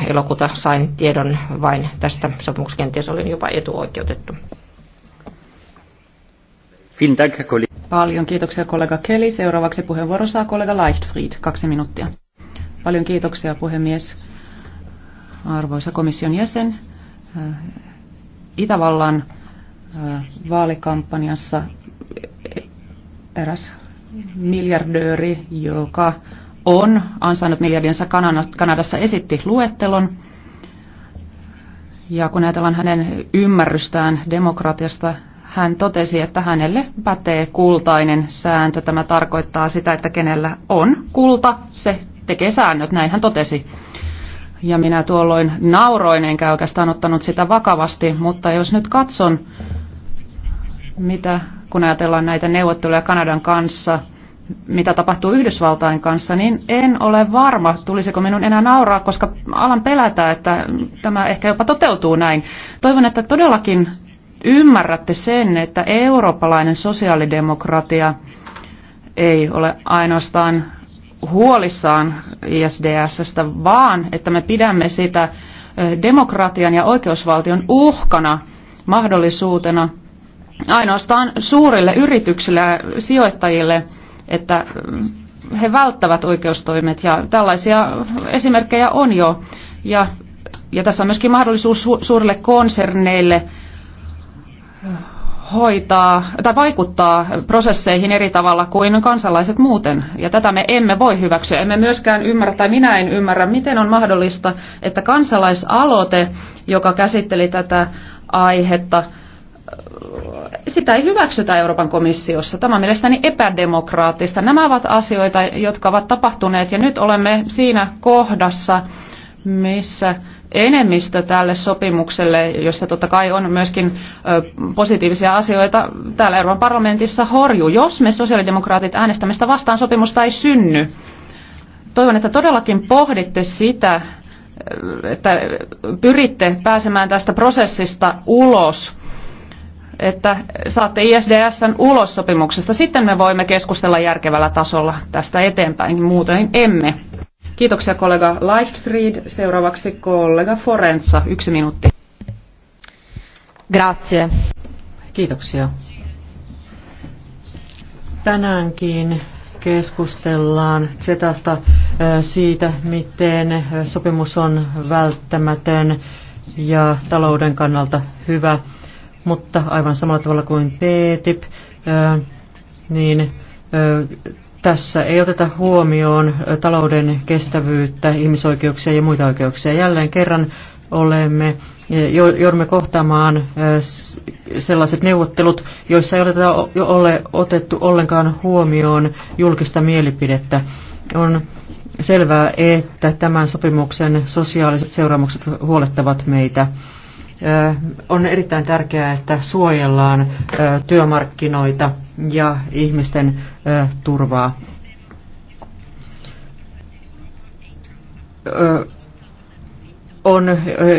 elokuuta sain tiedon vain tästä sopimuksesta, kenties olin jopa etuoikeutettu. Paljon kiitoksia kollega Kelly. Seuraavaksi puheenvuoro saa kollega Leichtfried. Kaksi minuuttia. Paljon kiitoksia puhemies. Arvoisa komission jäsen, eh, Itävallan eh, vaalikampanjassa eräs miljardööri, joka on ansainnut miljardinsa Kanadassa, esitti luettelon. Ja kun ajatellaan hänen ymmärrystään demokratiasta, hän totesi, että hänelle pätee kultainen sääntö. Tämä tarkoittaa sitä, että kenellä on kulta, se tekee säännöt, näin hän totesi. Ja minä tuolloin nauroin, enkä oikeastaan ottanut sitä vakavasti, mutta jos nyt katson, mitä kun ajatellaan näitä neuvotteluja Kanadan kanssa, mitä tapahtuu Yhdysvaltain kanssa, niin en ole varma, tulisiko minun enää nauraa, koska alan pelätä, että tämä ehkä jopa toteutuu näin. Toivon, että todellakin ymmärrätte sen, että eurooppalainen sosiaalidemokratia ei ole ainoastaan huolissaan ISDSstä, vaan että me pidämme sitä demokratian ja oikeusvaltion uhkana, mahdollisuutena ainoastaan suurille yrityksille ja sijoittajille, että he välttävät oikeustoimet ja tällaisia esimerkkejä on jo. Ja, ja tässä on myöskin mahdollisuus su- suurille konserneille hoitaa tai vaikuttaa prosesseihin eri tavalla kuin kansalaiset muuten. Ja tätä me emme voi hyväksyä. Emme myöskään ymmärrä, tai minä en ymmärrä, miten on mahdollista, että kansalaisaloite, joka käsitteli tätä aihetta, sitä ei hyväksytä Euroopan komissiossa. Tämä on mielestäni epädemokraattista. Nämä ovat asioita, jotka ovat tapahtuneet ja nyt olemme siinä kohdassa, missä enemmistö tälle sopimukselle, jossa totta kai on myöskin positiivisia asioita täällä Euroopan parlamentissa horjuu. Jos me sosiaalidemokraatit äänestämistä vastaan sopimusta ei synny, toivon, että todellakin pohditte sitä, että pyritte pääsemään tästä prosessista ulos että saatte ISDSn ulos sopimuksesta. Sitten me voimme keskustella järkevällä tasolla tästä eteenpäin, muuten emme. Kiitoksia kollega Leichtfried. Seuraavaksi kollega Forenza. Yksi minuutti. Grazie. Kiitoksia. Tänäänkin keskustellaan Zetasta siitä, miten sopimus on välttämätön ja talouden kannalta hyvä, mutta aivan samalla tavalla kuin TTIP, niin tässä ei oteta huomioon talouden kestävyyttä, ihmisoikeuksia ja muita oikeuksia. Jälleen kerran olemme, joudumme kohtaamaan sellaiset neuvottelut, joissa ei oteta, ole otettu ollenkaan huomioon julkista mielipidettä. On selvää, että tämän sopimuksen sosiaaliset seuraamukset huolettavat meitä. On erittäin tärkeää, että suojellaan työmarkkinoita ja ihmisten turvaa. On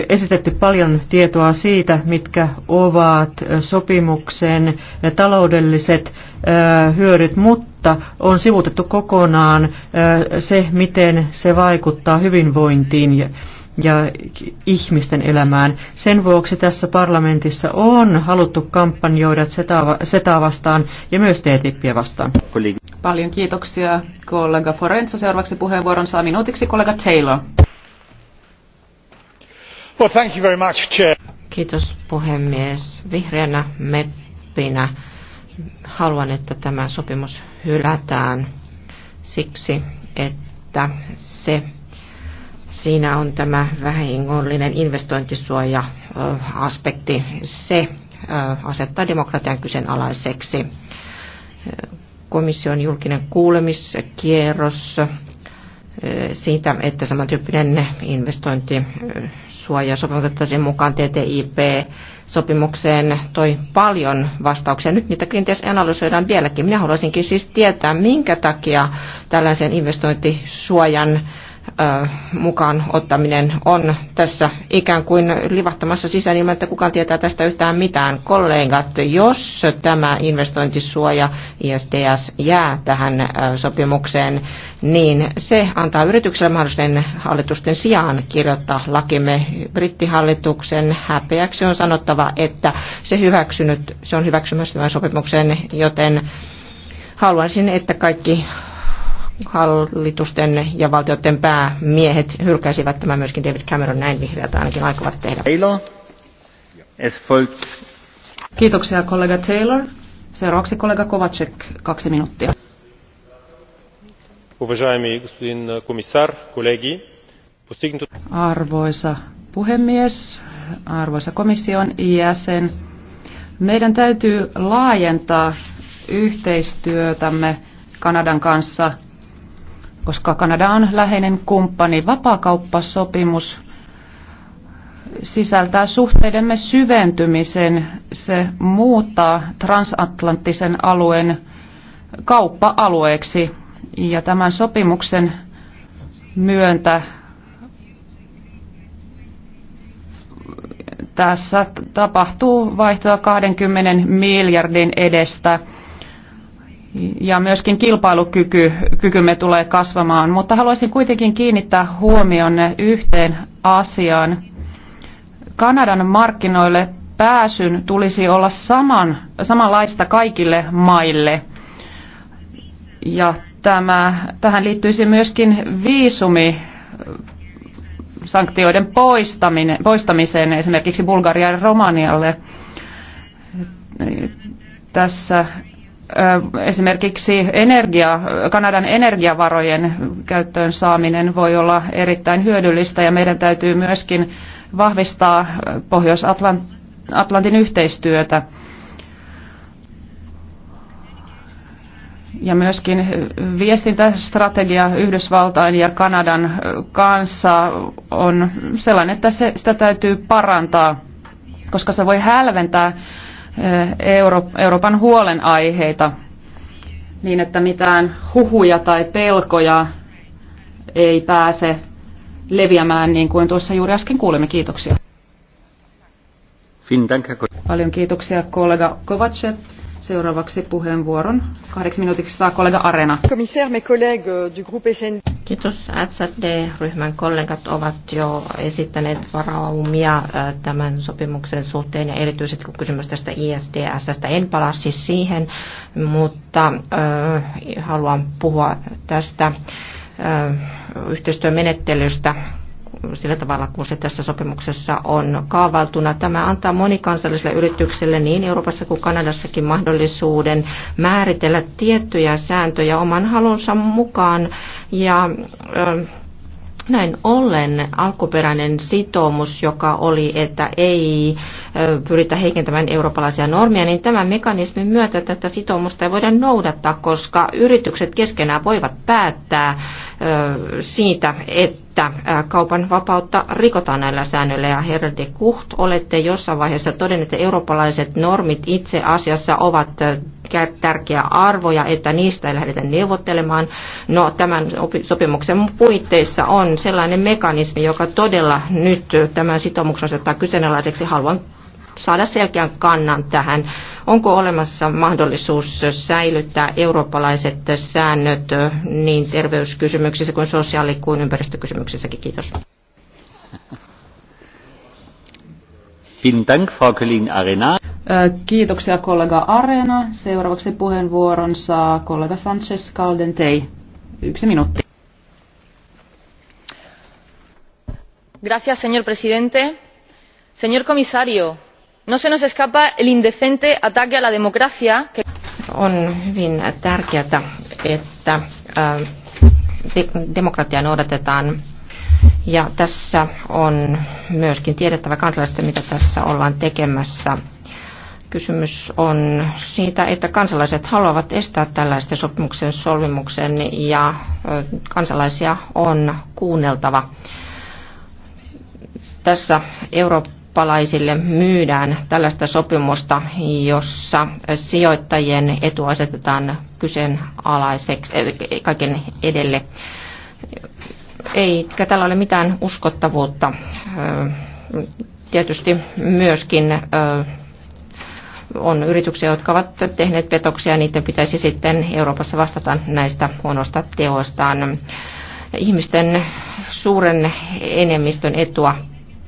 esitetty paljon tietoa siitä, mitkä ovat sopimuksen taloudelliset hyödyt, mutta on sivutettu kokonaan se, miten se vaikuttaa hyvinvointiin ja ihmisten elämään. Sen vuoksi tässä parlamentissa on haluttu kampanjoida SETA vastaan ja myös TTIPiä vastaan. Paljon kiitoksia kollega Forenza. Seuraavaksi puheenvuoron saa minuutiksi kollega Taylor. Well, thank you very much, Chair. Kiitos puhemies. Vihreänä meppinä haluan, että tämä sopimus hylätään siksi, että se Siinä on tämä vähingollinen investointisuoja-aspekti. Se asettaa demokratian kyseenalaiseksi. Komission julkinen kuulemiskierros siitä, että samantyyppinen investointisuoja sopimutettaisiin mukaan TTIP-sopimukseen, toi paljon vastauksia. Nyt niitä kenties analysoidaan vieläkin. Minä haluaisinkin siis tietää, minkä takia tällaisen investointisuojan mukaan ottaminen on tässä ikään kuin livahtamassa sisään ilman, että kukaan tietää tästä yhtään mitään. Kollegat, jos tämä investointisuoja ISTS jää tähän sopimukseen, niin se antaa yritykselle mahdollisten hallitusten sijaan kirjoittaa lakimme brittihallituksen häpeäksi. On sanottava, että se, hyväksynyt, se on hyväksymässä tämän sopimuksen, joten haluaisin, että kaikki hallitusten ja valtioiden päämiehet hylkäsivät tämän myöskin David Cameron, näin vihreät ainakin aikovat tehdä. Taylor. Kiitoksia kollega Taylor. Seuraavaksi kollega Kovacek, kaksi minuuttia. Arvoisa puhemies, arvoisa komission jäsen, meidän täytyy laajentaa yhteistyötämme Kanadan kanssa – koska Kanada on läheinen kumppani. Vapaakauppasopimus sisältää suhteidemme syventymisen. Se muuttaa transatlanttisen alueen kauppa-alueeksi ja tämän sopimuksen myöntä tässä tapahtuu vaihtoa 20 miljardin edestä ja myöskin kilpailukykymme tulee kasvamaan. Mutta haluaisin kuitenkin kiinnittää huomionne yhteen asiaan. Kanadan markkinoille pääsyn tulisi olla saman, samanlaista kaikille maille. Ja tämä, tähän liittyisi myöskin viisumi sanktioiden poistaminen, poistamiseen esimerkiksi Bulgarian ja Romanialle. Tässä esimerkiksi energia, Kanadan energiavarojen käyttöön saaminen voi olla erittäin hyödyllistä ja meidän täytyy myöskin vahvistaa Pohjois-Atlantin yhteistyötä. Ja myöskin viestintästrategia Yhdysvaltain ja Kanadan kanssa on sellainen, että se, sitä täytyy parantaa, koska se voi hälventää Euro- Euroopan huolenaiheita niin, että mitään huhuja tai pelkoja ei pääse leviämään niin kuin tuossa juuri äsken kuulimme. Kiitoksia. Paljon kiitoksia kollega Kovacek. Seuraavaksi puheenvuoron kahdeksi minuutiksi saa kollega Arena. Euh, Kiitos. SFD-ryhmän kollegat ovat jo esittäneet varaumia äh, tämän sopimuksen suhteen ja erityisesti kun kysymys tästä ISDSstä. En palaa siis siihen, mutta äh, haluan puhua tästä äh, yhteistyömenettelystä sillä tavalla, kun se tässä sopimuksessa on kaavailtuna. Tämä antaa monikansallisille yritykselle niin Euroopassa kuin Kanadassakin mahdollisuuden määritellä tiettyjä sääntöjä oman halunsa mukaan ja näin ollen alkuperäinen sitoumus, joka oli, että ei pyritä heikentämään eurooppalaisia normeja, niin tämän mekanismin myötä tätä sitoumusta ei voida noudattaa, koska yritykset keskenään voivat päättää siitä, että kaupan vapautta rikotaan näillä säännöillä. Ja herra de Kucht, olette jossain vaiheessa todenneet, että eurooppalaiset normit itse asiassa ovat tärkeä arvo ja että niistä ei lähdetä neuvottelemaan. No tämän sopimuksen puitteissa on sellainen mekanismi, joka todella nyt tämän sitoumuksen asettaa kyseenalaiseksi. Haluan saada selkeän kannan tähän. Onko olemassa mahdollisuus säilyttää eurooppalaiset säännöt niin terveyskysymyksissä kuin sosiaali- kuin ympäristökysymyksissäkin? Kiitos. Kiitoksia kollega Arena. Seuraavaksi puheenvuoron saa kollega Sanchez Caldentei. Yksi minuutti. Gracias, señor presidente. Señor comisario, no se nos escapa el indecente ataque a la democracia que... On hyvin tärkeää, että äh, de- demokratia noudatetaan ja tässä on myöskin tiedettävä kansalaisten, mitä tässä ollaan tekemässä. Kysymys on siitä, että kansalaiset haluavat estää tällaisten sopimuksen solvimuksen ja kansalaisia on kuunneltava. Tässä eurooppalaisille myydään tällaista sopimusta, jossa sijoittajien etu asetetaan kyseenalaiseksi kaiken edelle eikä tällä ole mitään uskottavuutta. Tietysti myöskin on yrityksiä, jotka ovat tehneet petoksia, niiden pitäisi sitten Euroopassa vastata näistä huonoista teoistaan. Ihmisten suuren enemmistön etua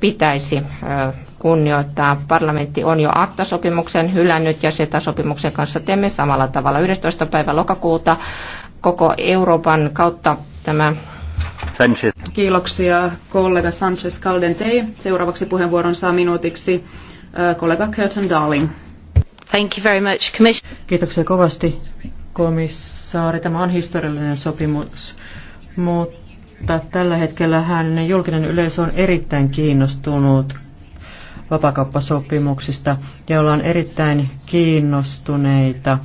pitäisi kunnioittaa. Parlamentti on jo ACTA-sopimuksen hylännyt ja SETA-sopimuksen kanssa teemme samalla tavalla. 11. päivä lokakuuta koko Euroopan kautta tämä Sanchez. Kiitoksia kollega Sanchez Caldentei. Seuraavaksi puheenvuoron saa minuutiksi kollega Curtin Darling. Thank you very much, Kiitoksia kovasti, komissaari. Tämä on historiallinen sopimus, mutta tällä hetkellä hänen julkinen yleisö on erittäin kiinnostunut vapakauppasopimuksista, ja ollaan erittäin kiinnostuneita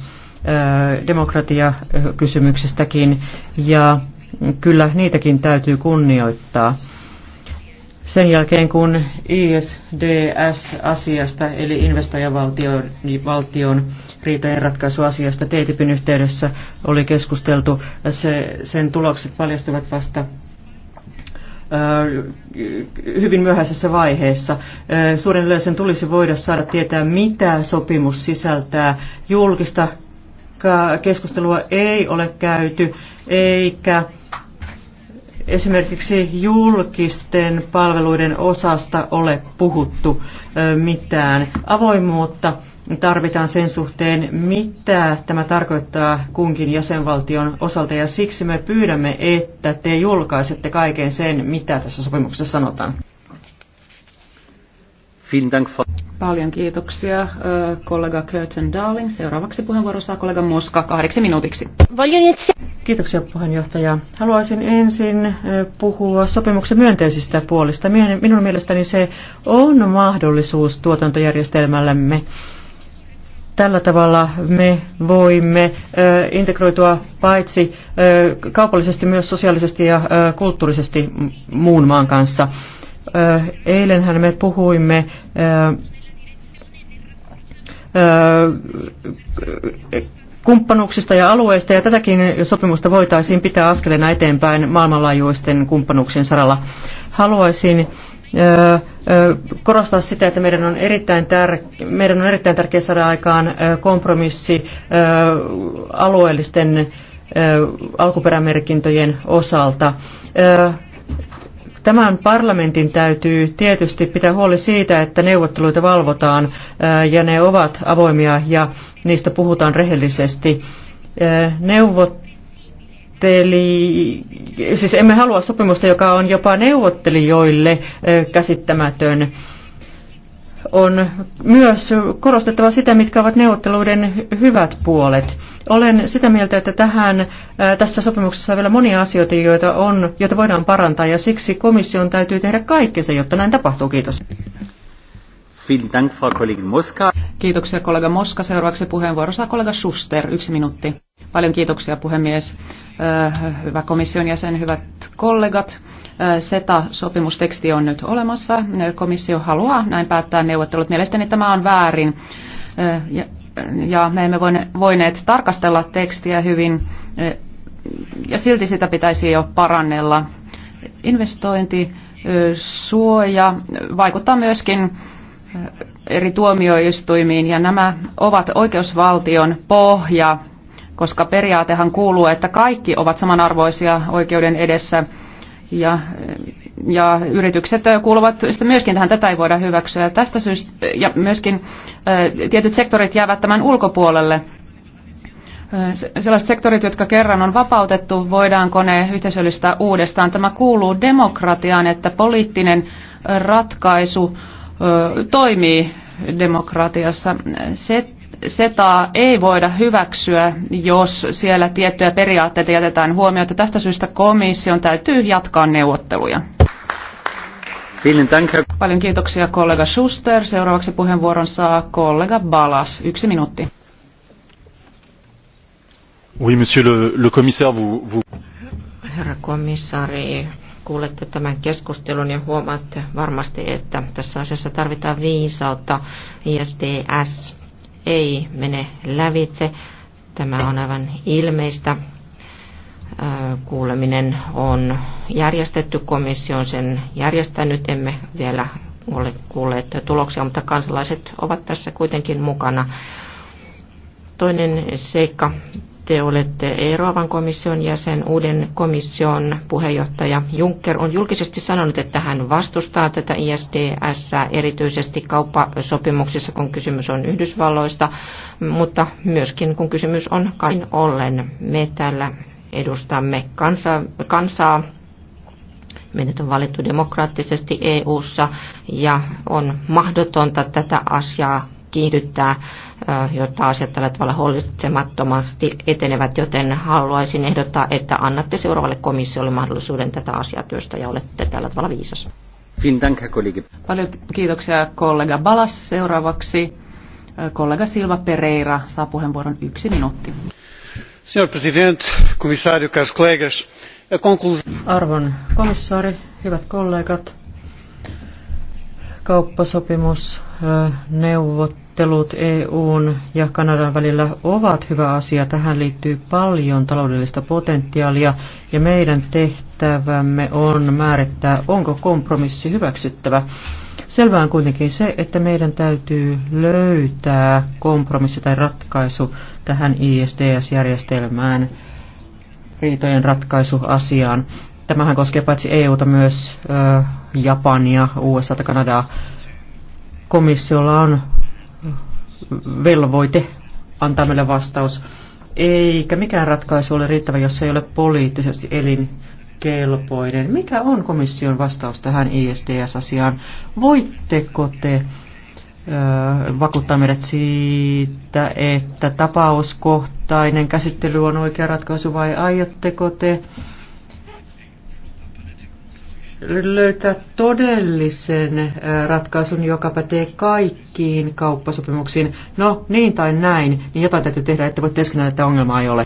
demokratiakysymyksistäkin. Ja kyllä niitäkin täytyy kunnioittaa. Sen jälkeen kun ISDS-asiasta eli investoijavaltion riitojen ratkaisuasiasta TTIPin yhteydessä oli keskusteltu, se, sen tulokset paljastuvat vasta hyvin myöhäisessä vaiheessa. Suuren yleisön tulisi voida saada tietää, mitä sopimus sisältää. Julkista keskustelua ei ole käyty, eikä esimerkiksi julkisten palveluiden osasta ole puhuttu mitään. Avoimuutta tarvitaan sen suhteen, mitä tämä tarkoittaa kunkin jäsenvaltion osalta, ja siksi me pyydämme, että te julkaisette kaiken sen, mitä tässä sopimuksessa sanotaan. Paljon kiitoksia kollega Curtin Darling. Seuraavaksi puheenvuoro saa kollega Moska kahdeksi minuutiksi. Kiitoksia puheenjohtaja. Haluaisin ensin puhua sopimuksen myönteisistä puolista. Minun mielestäni se on mahdollisuus tuotantojärjestelmällemme. Tällä tavalla me voimme integroitua paitsi kaupallisesti myös sosiaalisesti ja kulttuurisesti muun maan kanssa. Eilenhän me puhuimme kumppanuuksista ja alueista, ja tätäkin sopimusta voitaisiin pitää askeleena eteenpäin maailmanlaajuisten kumppanuuksien saralla. Haluaisin korostaa sitä, että meidän on erittäin, tär- meidän on erittäin tärkeä saada aikaan kompromissi alueellisten alkuperämerkintöjen osalta. Tämän parlamentin täytyy tietysti pitää huoli siitä, että neuvotteluita valvotaan ja ne ovat avoimia ja niistä puhutaan rehellisesti. Neuvotteli, siis emme halua sopimusta, joka on jopa neuvottelijoille käsittämätön on myös korostettava sitä, mitkä ovat neuvotteluiden hyvät puolet. Olen sitä mieltä, että tähän, äh, tässä sopimuksessa on vielä monia asioita, joita, on, joita voidaan parantaa, ja siksi komission täytyy tehdä kaikkensa, jotta näin tapahtuu. Kiitos. Kiitoksia kollega Moska. Seuraavaksi puheenvuoro saa kollega Schuster. Yksi minuutti. Paljon kiitoksia puhemies. Äh, hyvä komission jäsen, hyvät kollegat. SETA-sopimusteksti on nyt olemassa. Komissio haluaa näin päättää neuvottelut. Mielestäni tämä on väärin. Ja, me emme voineet tarkastella tekstiä hyvin ja silti sitä pitäisi jo parannella. Investointi, suoja vaikuttaa myöskin eri tuomioistuimiin ja nämä ovat oikeusvaltion pohja, koska periaatehan kuuluu, että kaikki ovat samanarvoisia oikeuden edessä ja, ja yritykset kuuluvat myöskin tähän, tätä ei voida hyväksyä. Tästä syystä, ja myöskin tietyt sektorit jäävät tämän ulkopuolelle. Sellaiset sektorit, jotka kerran on vapautettu, voidaanko ne yhteisöllistää uudestaan? Tämä kuuluu demokratiaan, että poliittinen ratkaisu toimii demokratiassa. Se, SETAa ei voida hyväksyä, jos siellä tiettyjä periaatteita jätetään huomiota. Tästä syystä komission täytyy jatkaa neuvotteluja. Paljon kiitoksia kollega Schuster. Seuraavaksi puheenvuoron saa kollega Balas. Yksi minuutti. Oui, monsieur le, le commissaire, vous, vous... Herra komissaari, kuulette tämän keskustelun ja huomaatte varmasti, että tässä asiassa tarvitaan viisautta ISDS ei mene lävitse. Tämä on aivan ilmeistä. Kuuleminen on järjestetty, komissio on sen järjestänyt, emme vielä ole kuulleet tuloksia, mutta kansalaiset ovat tässä kuitenkin mukana. Toinen seikka te olette eroavan komission jäsen, uuden komission puheenjohtaja Juncker on julkisesti sanonut, että hän vastustaa tätä ISDS erityisesti kauppasopimuksissa, kun kysymys on Yhdysvalloista, mutta myöskin kun kysymys on kain ollen. Me täällä edustamme kansaa, kansaa meidät on valittu demokraattisesti EU:ssa ja on mahdotonta tätä asiaa kiihdyttää, jotta asiat tällä tavalla hallitsemattomasti etenevät, joten haluaisin ehdottaa, että annatte seuraavalle komissiolle mahdollisuuden tätä asiaa työstä ja olette tällä tavalla viisas. Paljon kiitoksia kollega Balas. Seuraavaksi kollega Silva Pereira saa puheenvuoron yksi minuutti. Senhor Presidente, Comissário, caros colegas, Arvon komissaari, hyvät kollegat, kauppasopimus, neuvot, neuvottelut EUn ja Kanadan välillä ovat hyvä asia. Tähän liittyy paljon taloudellista potentiaalia ja meidän tehtävämme on määrittää, onko kompromissi hyväksyttävä. Selvää on kuitenkin se, että meidän täytyy löytää kompromissi tai ratkaisu tähän ISDS-järjestelmään, riitojen ratkaisuasiaan. Tämähän koskee paitsi EUta myös ö, Japania, USA ja Kanadaa. Komissiolla on velvoite antaa meille vastaus. Eikä mikään ratkaisu ole riittävä, jos se ei ole poliittisesti elinkelpoinen. Mikä on komission vastaus tähän ISDS-asiaan? Voitteko te vakuuttaa meidät siitä, että tapauskohtainen käsittely on oikea ratkaisu vai aiotteko te löytää todellisen ratkaisun, joka pätee kaikkiin kauppasopimuksiin. No, niin tai näin, niin jotain täytyy tehdä, että voi teskennellä, että ongelmaa ei ole.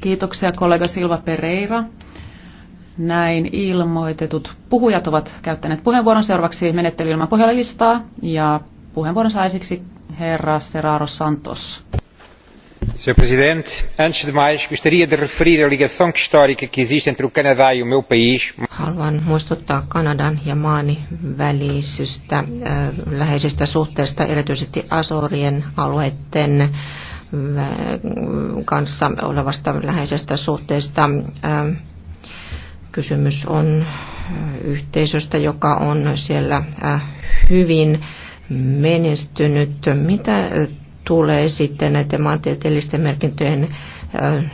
Kiitoksia kollega Silva Pereira. Näin ilmoitetut puhujat ovat käyttäneet puheenvuoron seuraavaksi menettely ilman pohjalla listaa ja puheenvuoron saisiksi herra Seraro Santos senhor presidente antes de mais gostaria de referir a ligação histórica que existe entre o canadá e o meu país. haluan muistuttaa kanadan ja maani välisestä äh, eh, läheisestä suhteesta erityisesti asorien alueiden äh, kanssa olevasta läheisestä suhteesta. Äh, kysymys on yhteisöstä, joka on siellä hyvin menestynyt. Mitä tulee sitten näiden maantieteellisten merkintöjen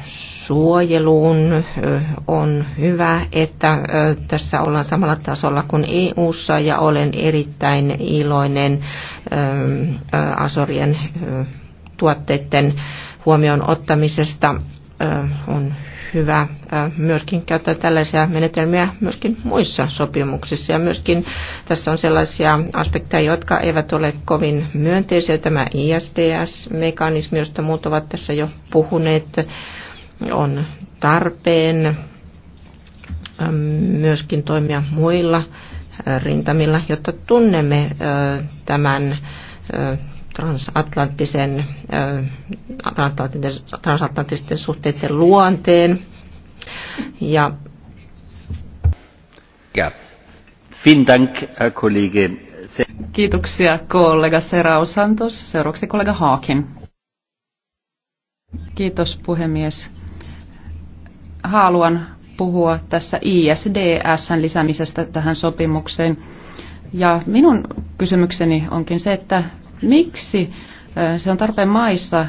suojeluun on hyvä, että tässä ollaan samalla tasolla kuin EU:ssa ja olen erittäin iloinen Asorien tuotteiden huomioon ottamisesta. On hyvä äh, myöskin käyttää tällaisia menetelmiä myöskin muissa sopimuksissa. Ja myöskin tässä on sellaisia aspekteja, jotka eivät ole kovin myönteisiä. Tämä ISDS-mekanismi, josta muut ovat tässä jo puhuneet, on tarpeen ähm, myöskin toimia muilla äh, rintamilla, jotta tunnemme äh, tämän transatlanttisen, transatlanttisten suhteiden luonteen. Ja ja. Dank, kollege. Kiitoksia kollega Serau Santos. Seuraavaksi kollega Haakin. Kiitos puhemies. Haluan puhua tässä ISDSn lisäämisestä tähän sopimukseen. Ja minun kysymykseni onkin se, että Miksi se on tarpeen maissa,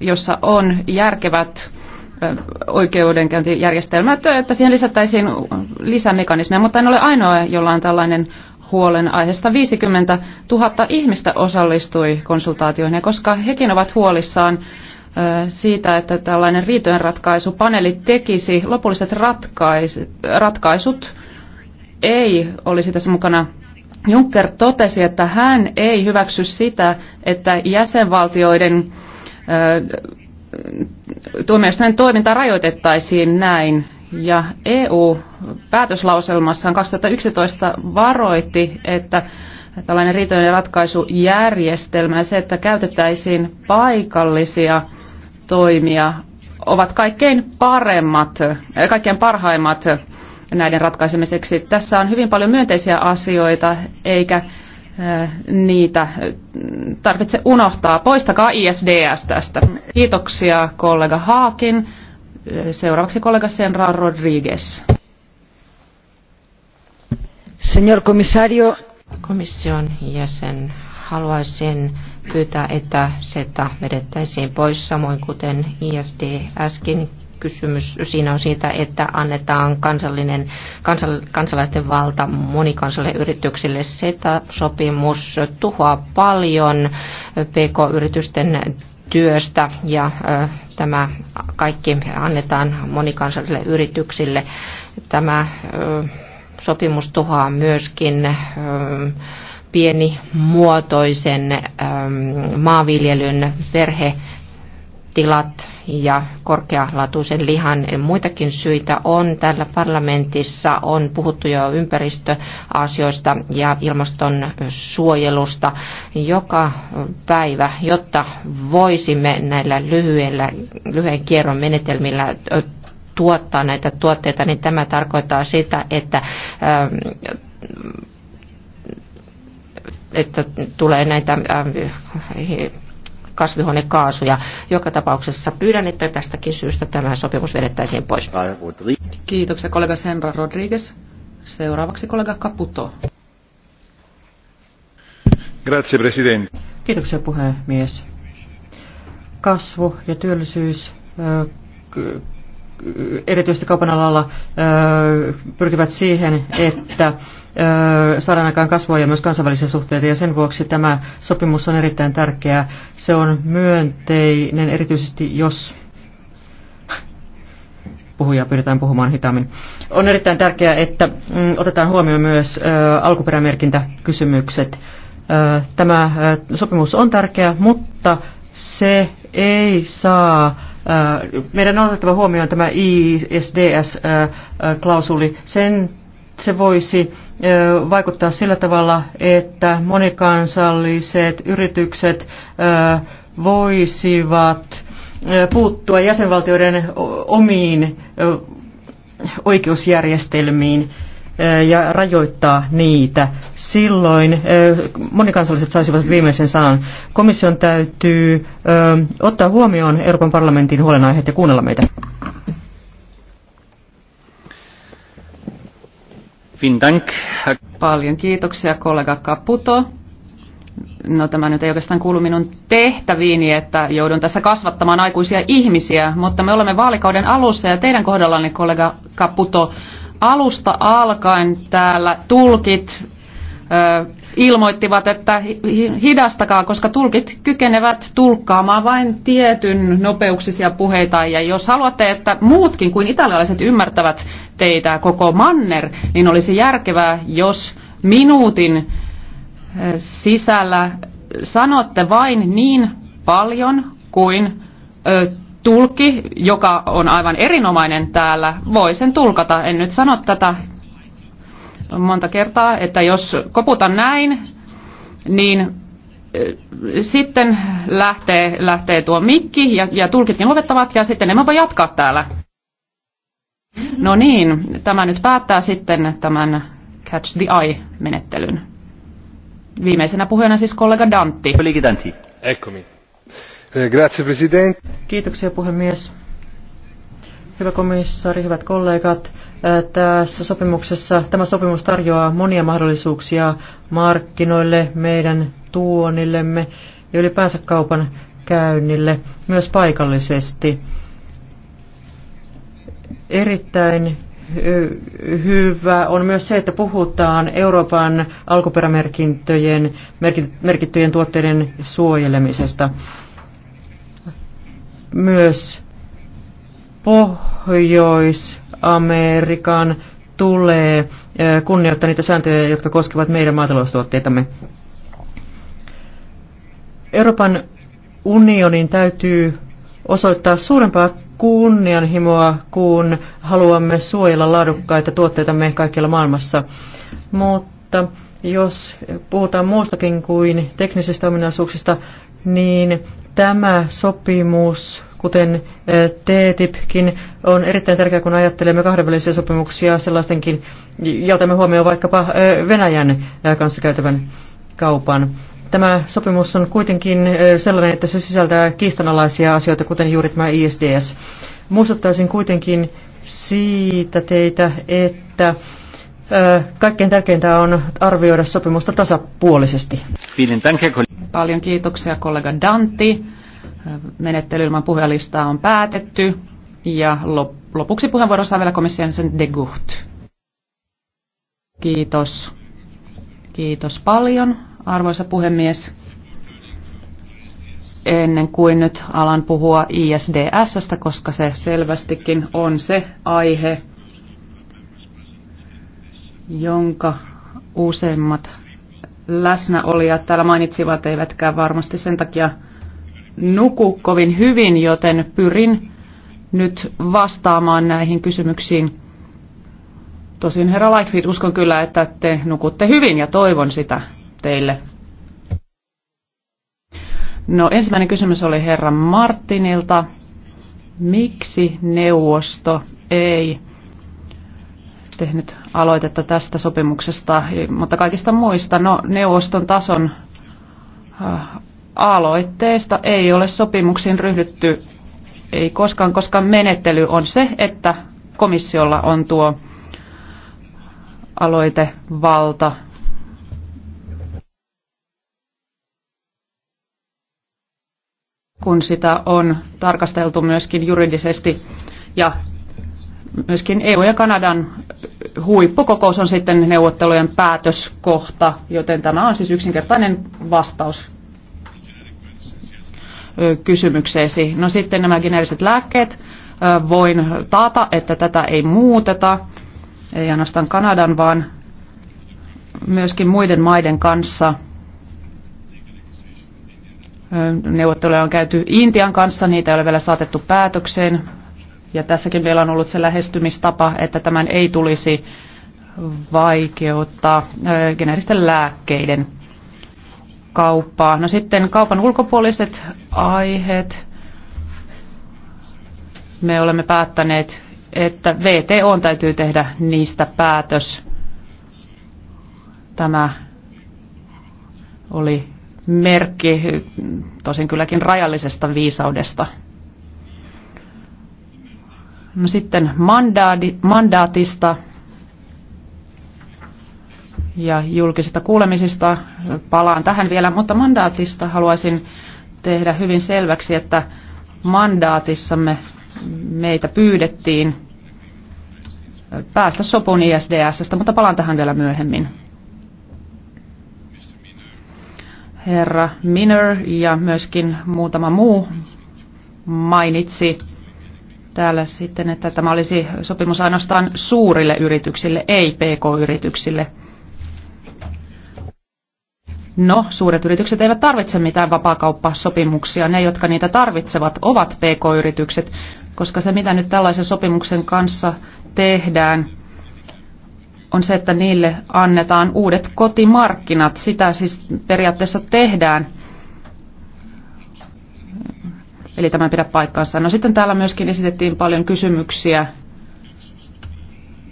jossa on järkevät oikeudenkäyntijärjestelmät, että siihen lisättäisiin lisämekanismeja, mutta en ole ainoa, jolla on tällainen huolen aiheesta. 50 000 ihmistä osallistui konsultaatioihin, ja koska hekin ovat huolissaan siitä, että tällainen riitojenratkaisupaneeli tekisi lopulliset ratkaisut, ratkaisut ei olisi tässä mukana Juncker totesi, että hän ei hyväksy sitä, että jäsenvaltioiden tuomioistuimen toiminta rajoitettaisiin näin. Ja EU päätöslauselmassaan 2011 varoitti, että tällainen riitojen ratkaisujärjestelmä ja se, että käytettäisiin paikallisia toimia, ovat kaikkein paremmat, kaikkein parhaimmat näiden ratkaisemiseksi. Tässä on hyvin paljon myönteisiä asioita, eikä äh, niitä äh, tarvitse unohtaa. Poistakaa ISDS tästä. Kiitoksia kollega Haakin. Äh, seuraavaksi kollega Senra Rodriguez. Señor komissario. Komission jäsen, haluaisin pyytää, että SETA vedettäisiin pois, samoin kuten ISDSkin kysymys siinä on siitä, että annetaan kansallinen, kansal, kansalaisten valta monikansallisille yrityksille. SETA-sopimus tuhoaa paljon PK-yritysten työstä ja ö, tämä kaikki annetaan monikansallisille yrityksille. Tämä ö, sopimus tuhoaa myöskin ö, pienimuotoisen ö, maanviljelyn perhetilat ja korkealaatuisen lihan. Muitakin syitä on. Täällä parlamentissa on puhuttu jo ympäristöasioista ja ilmaston suojelusta joka päivä, jotta voisimme näillä lyhyellä, lyhyen kierron menetelmillä tuottaa näitä tuotteita, niin tämä tarkoittaa sitä, että että tulee näitä kasvihuonekaasuja. Joka tapauksessa pyydän, että tästäkin syystä tämä sopimus vedettäisiin pois. Kiitoksia kollega Senra Rodriguez. Seuraavaksi kollega Caputo. Grazie, president. Kiitoksia puhemies. Kasvu ja työllisyys erityisesti kaupan alalla pyrkivät siihen, että saadaan aikaan kasvua ja myös kansainvälisiä suhteita, ja sen vuoksi tämä sopimus on erittäin tärkeä. Se on myönteinen erityisesti, jos puhujaa pyritään puhumaan hitaammin. On erittäin tärkeää, että mm, otetaan huomioon myös alkuperämerkintäkysymykset. Tämä sopimus on tärkeä, mutta se ei saa meidän on otettava huomioon tämä ISDS-klausuli. Sen se voisi vaikuttaa sillä tavalla, että monikansalliset yritykset voisivat puuttua jäsenvaltioiden omiin oikeusjärjestelmiin ja rajoittaa niitä. Silloin monikansalliset saisivat viimeisen sanan. Komission täytyy ottaa huomioon Euroopan parlamentin huolenaiheet ja kuunnella meitä. Paljon kiitoksia kollega Kaputo. No tämä nyt ei oikeastaan kuulu minun tehtäviini, että joudun tässä kasvattamaan aikuisia ihmisiä, mutta me olemme vaalikauden alussa ja teidän kohdallanne kollega Kaputo, alusta alkaen täällä tulkit, ilmoittivat, että hidastakaa, koska tulkit kykenevät tulkkaamaan vain tietyn nopeuksisia puheita. Ja jos haluatte, että muutkin kuin italialaiset ymmärtävät teitä koko manner, niin olisi järkevää, jos minuutin eh, sisällä sanotte vain niin paljon kuin ö, eh, tulkki, joka on aivan erinomainen täällä, voi sen tulkata. En nyt sano tätä monta kertaa, että jos koputan näin, niin sitten lähtee, lähtee tuo mikki ja, ja tulkitkin luvettavat ja sitten emme voi jatkaa täällä. No niin, tämä nyt päättää sitten tämän Catch the Eye-menettelyn. Viimeisenä puheena siis kollega Dantti. Dantti. Eccomi. Eh, grazie, Presidente. Kiitoksia puhemies. Hyvä komissaari, hyvät kollegat. Tässä sopimuksessa, tämä sopimus tarjoaa monia mahdollisuuksia markkinoille, meidän tuonillemme ja ylipäänsä kaupan käynnille, myös paikallisesti. Erittäin hyvä on myös se, että puhutaan Euroopan alkuperämerkintöjen merkittyjen tuotteiden suojelemisesta. Myös Pohjois- Amerikan tulee eh, kunnioittaa niitä sääntöjä, jotka koskevat meidän maataloustuotteitamme. Euroopan unionin täytyy osoittaa suurempaa kunnianhimoa, kun haluamme suojella laadukkaita tuotteitamme kaikkialla maailmassa. Mutta jos puhutaan muustakin kuin teknisistä ominaisuuksista, niin tämä sopimus kuten TTIPkin, on erittäin tärkeää, kun ajattelemme kahdenvälisiä sopimuksia sellaistenkin, ja otamme huomioon vaikkapa Venäjän kanssa käytävän kaupan. Tämä sopimus on kuitenkin sellainen, että se sisältää kiistanalaisia asioita, kuten juuri tämä ISDS. Muistuttaisin kuitenkin siitä teitä, että kaikkein tärkeintä on arvioida sopimusta tasapuolisesti. Paljon kiitoksia kollega Dantti menettely ilman puhelistaa on päätetty. Ja lopuksi puheenvuorossa on vielä komission sen de Gucht. Kiitos. Kiitos paljon, arvoisa puhemies. Ennen kuin nyt alan puhua ISDSstä, koska se selvästikin on se aihe, jonka useimmat läsnäolijat täällä mainitsivat, eivätkä varmasti sen takia nuku kovin hyvin, joten pyrin nyt vastaamaan näihin kysymyksiin. Tosin herra Lightfield, uskon kyllä, että te nukutte hyvin ja toivon sitä teille. No ensimmäinen kysymys oli herra Martinilta. Miksi neuvosto ei tehnyt aloitetta tästä sopimuksesta, mutta kaikista muista? No neuvoston tason äh, aloitteesta ei ole sopimuksiin ryhdytty ei koskaan, koska menettely on se, että komissiolla on tuo aloitevalta. kun sitä on tarkasteltu myöskin juridisesti. Ja myöskin EU ja Kanadan huippukokous on sitten neuvottelujen päätöskohta, joten tämä on siis yksinkertainen vastaus kysymykseesi. No sitten nämä geneeriset lääkkeet. Voin taata, että tätä ei muuteta, ei ainoastaan Kanadan, vaan myöskin muiden maiden kanssa. Neuvotteluja on käyty Intian kanssa, niitä ei ole vielä saatettu päätökseen. Ja tässäkin meillä on ollut se lähestymistapa, että tämän ei tulisi vaikeuttaa geneeristen lääkkeiden kauppaa. No sitten kaupan ulkopuoliset aiheet. Me olemme päättäneet, että VTO täytyy tehdä niistä päätös. Tämä oli merkki, tosin kylläkin rajallisesta viisaudesta. No sitten mandaadi, mandaatista ja julkisista kuulemisista. Palaan tähän vielä, mutta mandaatista haluaisin tehdä hyvin selväksi, että mandaatissamme meitä pyydettiin päästä sopuun ISDSstä, mutta palaan tähän vielä myöhemmin. Herra Miner ja myöskin muutama muu mainitsi täällä sitten, että tämä olisi sopimus ainoastaan suurille yrityksille, ei pk-yrityksille – No, suuret yritykset eivät tarvitse mitään vapaakauppasopimuksia. Ne, jotka niitä tarvitsevat, ovat pk-yritykset, koska se, mitä nyt tällaisen sopimuksen kanssa tehdään, on se, että niille annetaan uudet kotimarkkinat. Sitä siis periaatteessa tehdään. Eli tämä pidä paikkaansa. No sitten täällä myöskin esitettiin paljon kysymyksiä,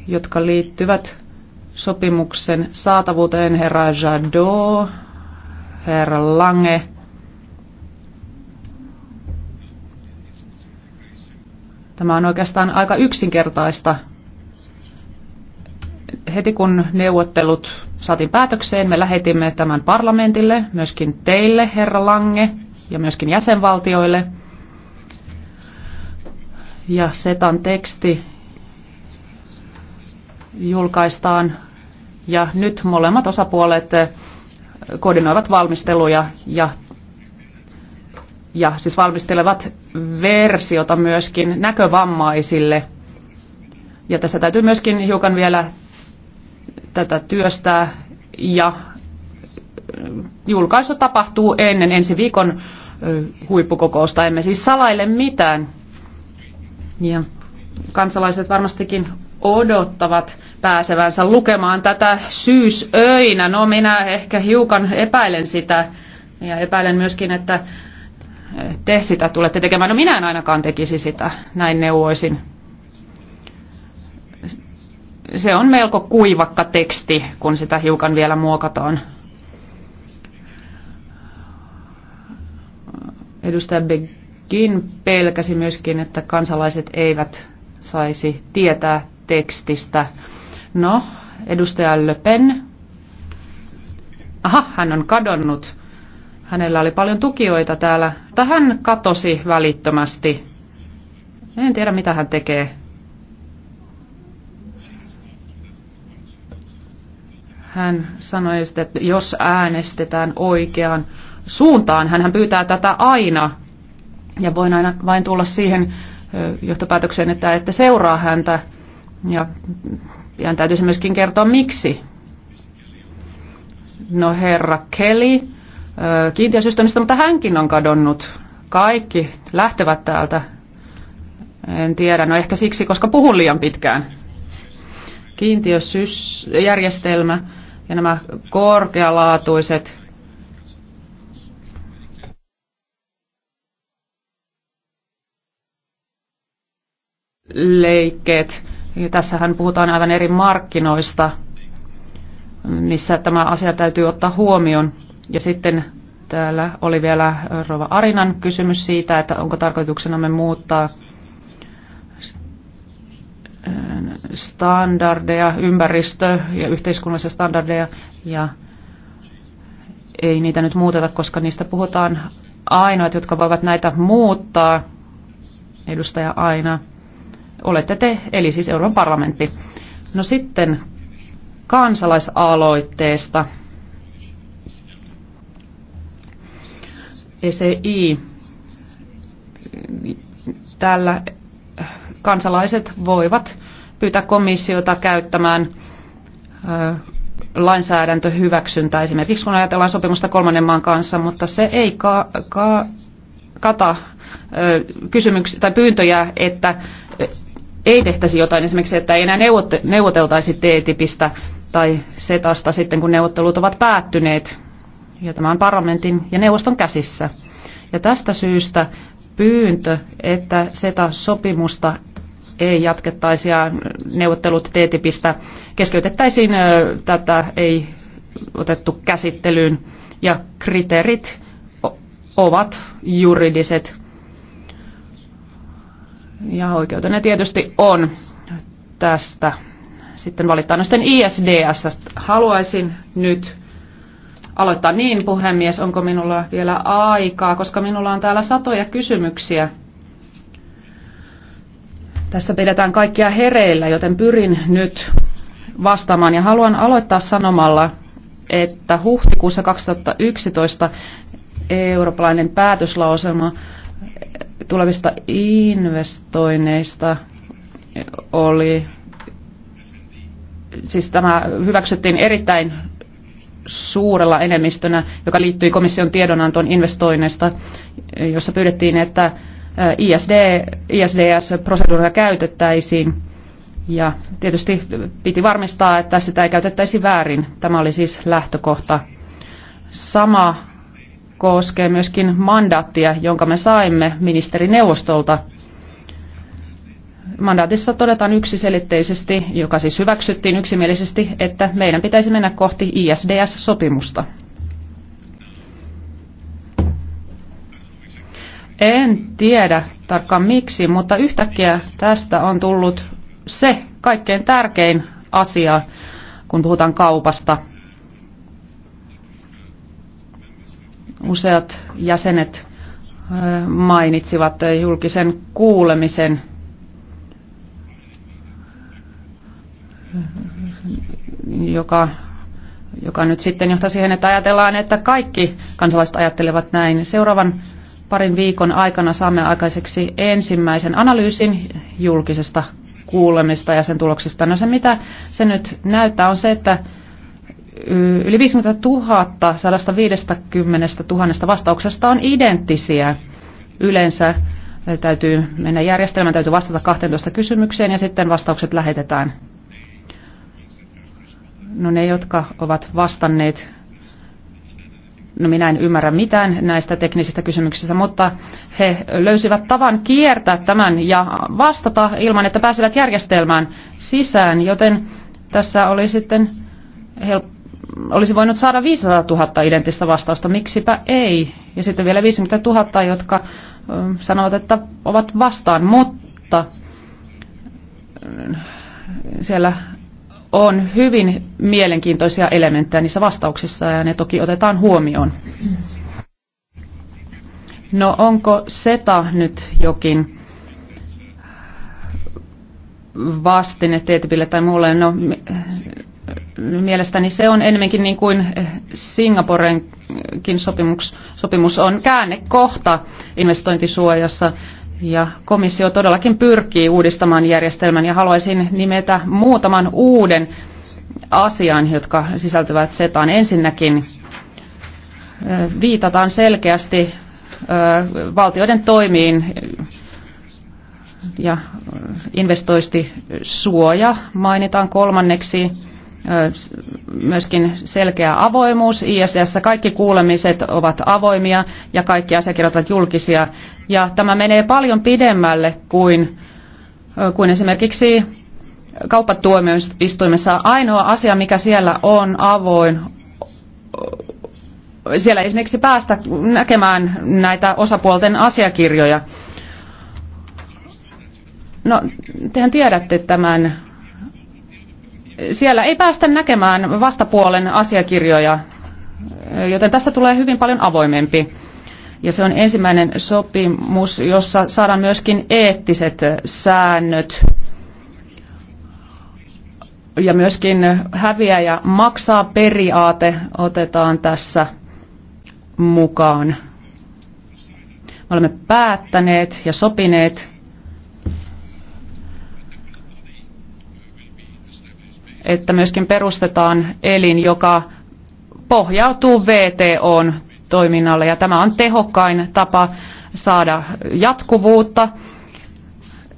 jotka liittyvät sopimuksen saatavuuteen. Herra Jadot herra Lange. Tämä on oikeastaan aika yksinkertaista. Heti kun neuvottelut saatiin päätökseen, me lähetimme tämän parlamentille, myöskin teille, herra Lange, ja myöskin jäsenvaltioille. Ja Setan teksti julkaistaan. Ja nyt molemmat osapuolet koordinoivat valmisteluja ja, ja siis valmistelevat versiota myöskin näkövammaisille. Ja tässä täytyy myöskin hiukan vielä tätä työstää ja äh, julkaisu tapahtuu ennen ensi viikon äh, huippukokousta. Emme siis salaile mitään. Ja kansalaiset varmastikin odottavat pääsevänsä lukemaan tätä syysöinä. No minä ehkä hiukan epäilen sitä ja epäilen myöskin, että te sitä tulette tekemään. No minä en ainakaan tekisi sitä, näin neuvoisin. Se on melko kuivakka teksti, kun sitä hiukan vielä muokataan. Edustaja Begin pelkäsi myöskin, että kansalaiset eivät saisi tietää tekstistä. No, edustaja Le Pen. Aha, hän on kadonnut. Hänellä oli paljon tukijoita täällä. Mutta hän katosi välittömästi. En tiedä, mitä hän tekee. Hän sanoi, että jos äänestetään oikeaan suuntaan, hän pyytää tätä aina. Ja voin aina vain tulla siihen johtopäätökseen, että, että seuraa häntä ja pian täytyisi myöskin kertoa miksi. No herra Kelly, kiintiösysteemistä, mutta hänkin on kadonnut. Kaikki lähtevät täältä. En tiedä, no ehkä siksi, koska puhun liian pitkään. Kiintiöjärjestelmä ja nämä korkealaatuiset leikkeet Tässähän puhutaan aivan eri markkinoista, missä tämä asia täytyy ottaa huomioon. Ja sitten täällä oli vielä Rova Arinan kysymys siitä, että onko tarkoituksenamme muuttaa äh, standardeja, ympäristö- ja yhteiskunnallisia standardeja, ja ei niitä nyt muuteta, koska niistä puhutaan ainoat, jotka voivat näitä muuttaa, edustaja aina olette te, eli siis Euroopan parlamentti. No sitten kansalaisaloitteesta. ECI. täällä kansalaiset voivat pyytää komissiota käyttämään lainsäädäntöhyväksyntää, esimerkiksi kun ajatellaan sopimusta kolmannen maan kanssa, mutta se ei ka- ka- kata kysymyksiä tai pyyntöjä, että ei tehtäisi jotain, esimerkiksi että ei enää neuvoteltaisi TTIPistä tai SETasta sitten, kun neuvottelut ovat päättyneet. Ja tämä on parlamentin ja neuvoston käsissä. Ja tästä syystä pyyntö, että SETA-sopimusta ei jatkettaisi ja neuvottelut TTIPistä keskeytettäisiin, tätä ei otettu käsittelyyn ja kriteerit ovat juridiset ja oikeutena tietysti on tästä sitten valittaa. No sitten ISDS. Haluaisin nyt aloittaa niin, puhemies, onko minulla vielä aikaa, koska minulla on täällä satoja kysymyksiä. Tässä pidetään kaikkia hereillä, joten pyrin nyt vastaamaan. Ja haluan aloittaa sanomalla, että huhtikuussa 2011 eurooppalainen päätöslauselma tulevista investoinneista oli, siis tämä hyväksyttiin erittäin suurella enemmistönä, joka liittyi komission tiedonantoon investoinneista, jossa pyydettiin, että ISD, ISDS-proseduuria käytettäisiin. Ja tietysti piti varmistaa, että sitä ei käytettäisi väärin. Tämä oli siis lähtökohta. Sama koskee myöskin mandaattia, jonka me saimme ministerineuvostolta. Mandaatissa todetaan yksiselitteisesti, joka siis hyväksyttiin yksimielisesti, että meidän pitäisi mennä kohti ISDS-sopimusta. En tiedä tarkkaan miksi, mutta yhtäkkiä tästä on tullut se kaikkein tärkein asia, kun puhutaan kaupasta Useat jäsenet mainitsivat julkisen kuulemisen. Joka, joka nyt sitten johtaa siihen, että ajatellaan, että kaikki kansalaiset ajattelevat näin. Seuraavan parin viikon aikana saamme aikaiseksi ensimmäisen analyysin julkisesta kuulemista ja sen tuloksista. No se mitä se nyt näyttää on se, että yli 50 000 150 000 vastauksesta on identtisiä. Yleensä täytyy mennä järjestelmään, täytyy vastata 12 kysymykseen ja sitten vastaukset lähetetään. No ne, jotka ovat vastanneet, no minä en ymmärrä mitään näistä teknisistä kysymyksistä, mutta he löysivät tavan kiertää tämän ja vastata ilman, että pääsevät järjestelmään sisään, joten tässä oli sitten helppo olisi voinut saada 500 000 identtistä vastausta, miksipä ei. Ja sitten vielä 50 000, jotka sanovat, että ovat vastaan, mutta siellä on hyvin mielenkiintoisia elementtejä niissä vastauksissa ja ne toki otetaan huomioon. No onko SETA nyt jokin vastine TTIPille tai muulle? No, mielestäni se on enemmänkin niin kuin eh, Singaporenkin sopimus, sopimus on käännekohta investointisuojassa. Ja komissio todellakin pyrkii uudistamaan järjestelmän ja haluaisin nimetä muutaman uuden asian, jotka sisältyvät SETAan. Ensinnäkin eh, viitataan selkeästi eh, valtioiden toimiin ja investoistisuoja mainitaan kolmanneksi myöskin selkeä avoimuus. ISDssä kaikki kuulemiset ovat avoimia ja kaikki asiakirjat ovat julkisia. Ja tämä menee paljon pidemmälle kuin, kuin esimerkiksi kauppatuomioistuimessa. Ainoa asia, mikä siellä on avoin, siellä esimerkiksi päästä näkemään näitä osapuolten asiakirjoja. No, tehän tiedätte tämän siellä ei päästä näkemään vastapuolen asiakirjoja, joten tästä tulee hyvin paljon avoimempi. Ja se on ensimmäinen sopimus, jossa saadaan myöskin eettiset säännöt ja myöskin häviä ja maksaa periaate otetaan tässä mukaan. Me olemme päättäneet ja sopineet että myöskin perustetaan elin, joka pohjautuu VTOn toiminnalle ja tämä on tehokkain tapa saada jatkuvuutta,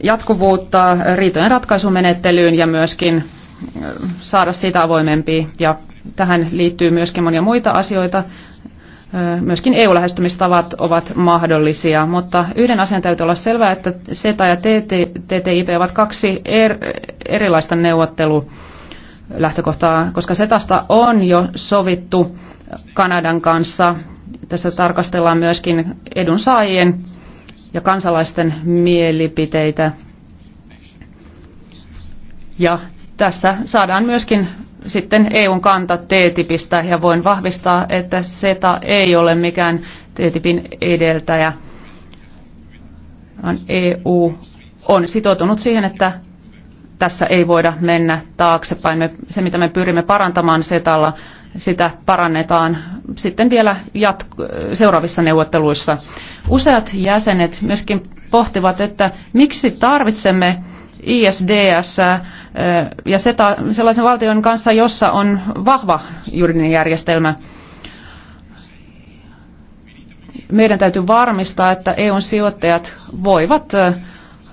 jatkuvuutta riitojen ratkaisumenettelyyn ja myöskin saada sitä avoimempi. Ja tähän liittyy myöskin monia muita asioita. Myöskin EU-lähestymistavat ovat mahdollisia, mutta yhden asian täytyy olla selvää, että SETA ja TTIP ovat kaksi er, erilaista neuvottelua lähtökohtaa, koska setasta on jo sovittu Kanadan kanssa. Tässä tarkastellaan myöskin edunsaajien ja kansalaisten mielipiteitä. Ja tässä saadaan myöskin sitten EUn kanta TTIPistä ja voin vahvistaa, että SETA ei ole mikään TTIPin edeltäjä. EU on sitoutunut siihen, että tässä ei voida mennä taaksepäin. Me, se, mitä me pyrimme parantamaan setalla, sitä parannetaan sitten vielä jatku- seuraavissa neuvotteluissa. Useat jäsenet myöskin pohtivat, että miksi tarvitsemme ISDS äh, ja SETA sellaisen valtion kanssa, jossa on vahva juridinen järjestelmä. Meidän täytyy varmistaa, että EUn sijoittajat voivat äh,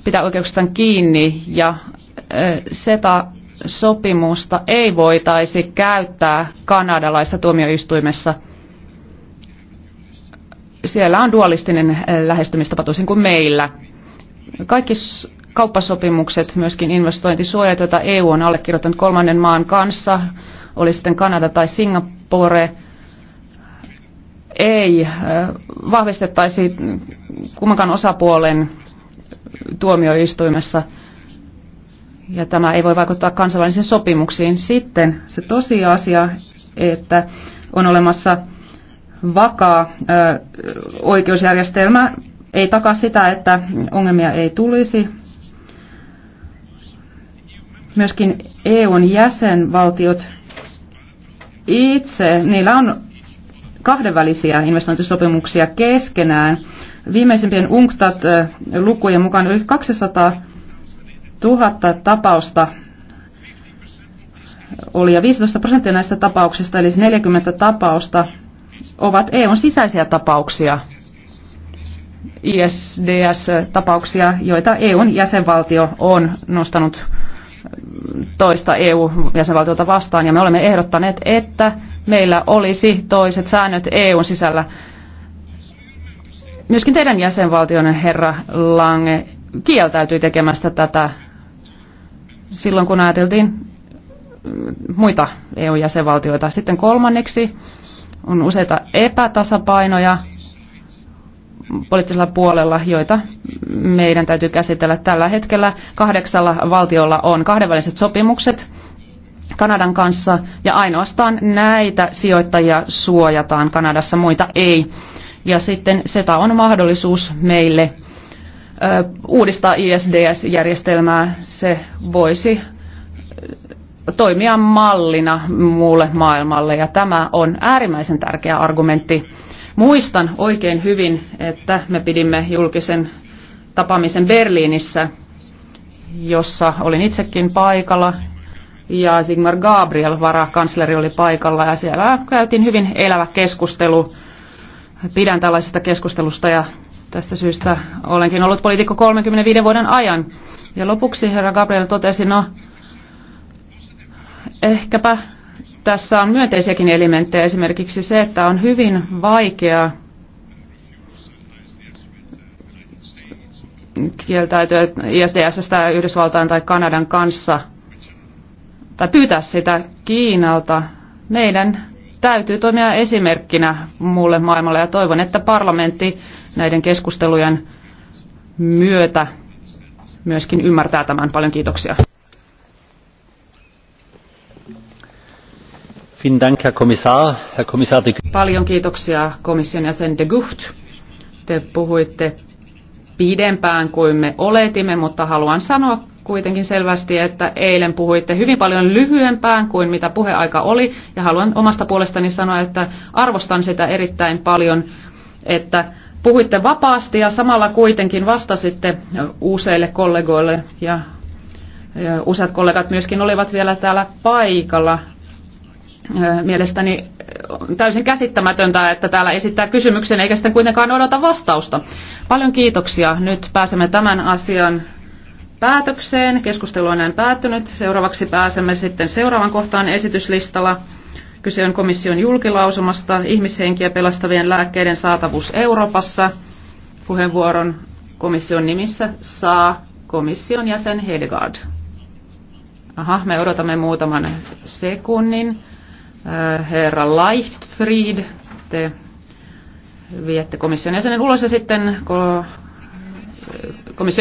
pitää oikeuksistaan kiinni ja SETA-sopimusta ei voitaisi käyttää kanadalaisessa tuomioistuimessa. Siellä on dualistinen lähestymistapa toisin kuin meillä. Kaikki kauppasopimukset, myöskin investointisuojat, joita EU on allekirjoittanut kolmannen maan kanssa, oli sitten Kanada tai Singapore, ei vahvistettaisi kummankaan osapuolen tuomioistuimessa – ja tämä ei voi vaikuttaa kansainvälisiin sopimuksiin. Sitten se tosiasia, että on olemassa vakaa ö, oikeusjärjestelmä, ei takaa sitä, että ongelmia ei tulisi. Myöskin EUn jäsenvaltiot itse, niillä on kahdenvälisiä investointisopimuksia keskenään. Viimeisimpien UNCTAD-lukujen mukaan yli 200 tuhatta tapausta oli ja 15 prosenttia näistä tapauksista, eli 40 tapausta, ovat EUn sisäisiä tapauksia, ISDS-tapauksia, joita EUn jäsenvaltio on nostanut toista EU-jäsenvaltiota vastaan, ja me olemme ehdottaneet, että meillä olisi toiset säännöt EUn sisällä. Myöskin teidän jäsenvaltionne herra Lange kieltäytyi tekemästä tätä silloin, kun ajateltiin mm, muita EU-jäsenvaltioita. Sitten kolmanneksi on useita epätasapainoja poliittisella puolella, joita meidän täytyy käsitellä. Tällä hetkellä kahdeksalla valtiolla on kahdenväliset sopimukset Kanadan kanssa ja ainoastaan näitä sijoittajia suojataan Kanadassa, muita ei. Ja sitten SETA on mahdollisuus meille uudistaa ISDS-järjestelmää. Se voisi toimia mallina muulle maailmalle ja tämä on äärimmäisen tärkeä argumentti. Muistan oikein hyvin, että me pidimme julkisen tapaamisen Berliinissä, jossa olin itsekin paikalla ja Sigmar Gabriel, varakansleri, oli paikalla ja siellä käytiin hyvin elävä keskustelu. Pidän tällaisesta keskustelusta ja Tästä syystä olenkin ollut poliitikko 35 vuoden ajan. Ja lopuksi herra Gabriel totesi, no ehkäpä tässä on myönteisiäkin elementtejä, esimerkiksi se, että on hyvin vaikea kieltäytyä ISDSstä Yhdysvaltain tai Kanadan kanssa tai pyytää sitä Kiinalta. Meidän täytyy toimia esimerkkinä muulle maailmalle ja toivon, että parlamentti näiden keskustelujen myötä myöskin ymmärtää tämän. Paljon kiitoksia. Paljon kiitoksia komission jäsen de Gucht. Te puhuitte pidempään kuin me oletimme, mutta haluan sanoa kuitenkin selvästi, että eilen puhuitte hyvin paljon lyhyempään kuin mitä puheaika oli, ja haluan omasta puolestani sanoa, että arvostan sitä erittäin paljon, että puhuitte vapaasti ja samalla kuitenkin vastasitte useille kollegoille ja useat kollegat myöskin olivat vielä täällä paikalla. Mielestäni on täysin käsittämätöntä, että täällä esittää kysymyksen eikä sitten kuitenkaan odota vastausta. Paljon kiitoksia. Nyt pääsemme tämän asian päätökseen. Keskustelu on näin päättynyt. Seuraavaksi pääsemme sitten seuraavan kohtaan esityslistalla. Kyse on komission julkilausumasta ihmishenkiä pelastavien lääkkeiden saatavuus Euroopassa. Puheenvuoron komission nimissä saa komission jäsen Hedegaard. Aha, me odotamme muutaman sekunnin. Äh, herra Leichtfried, te viette komission jäsenen ulos ja sitten komission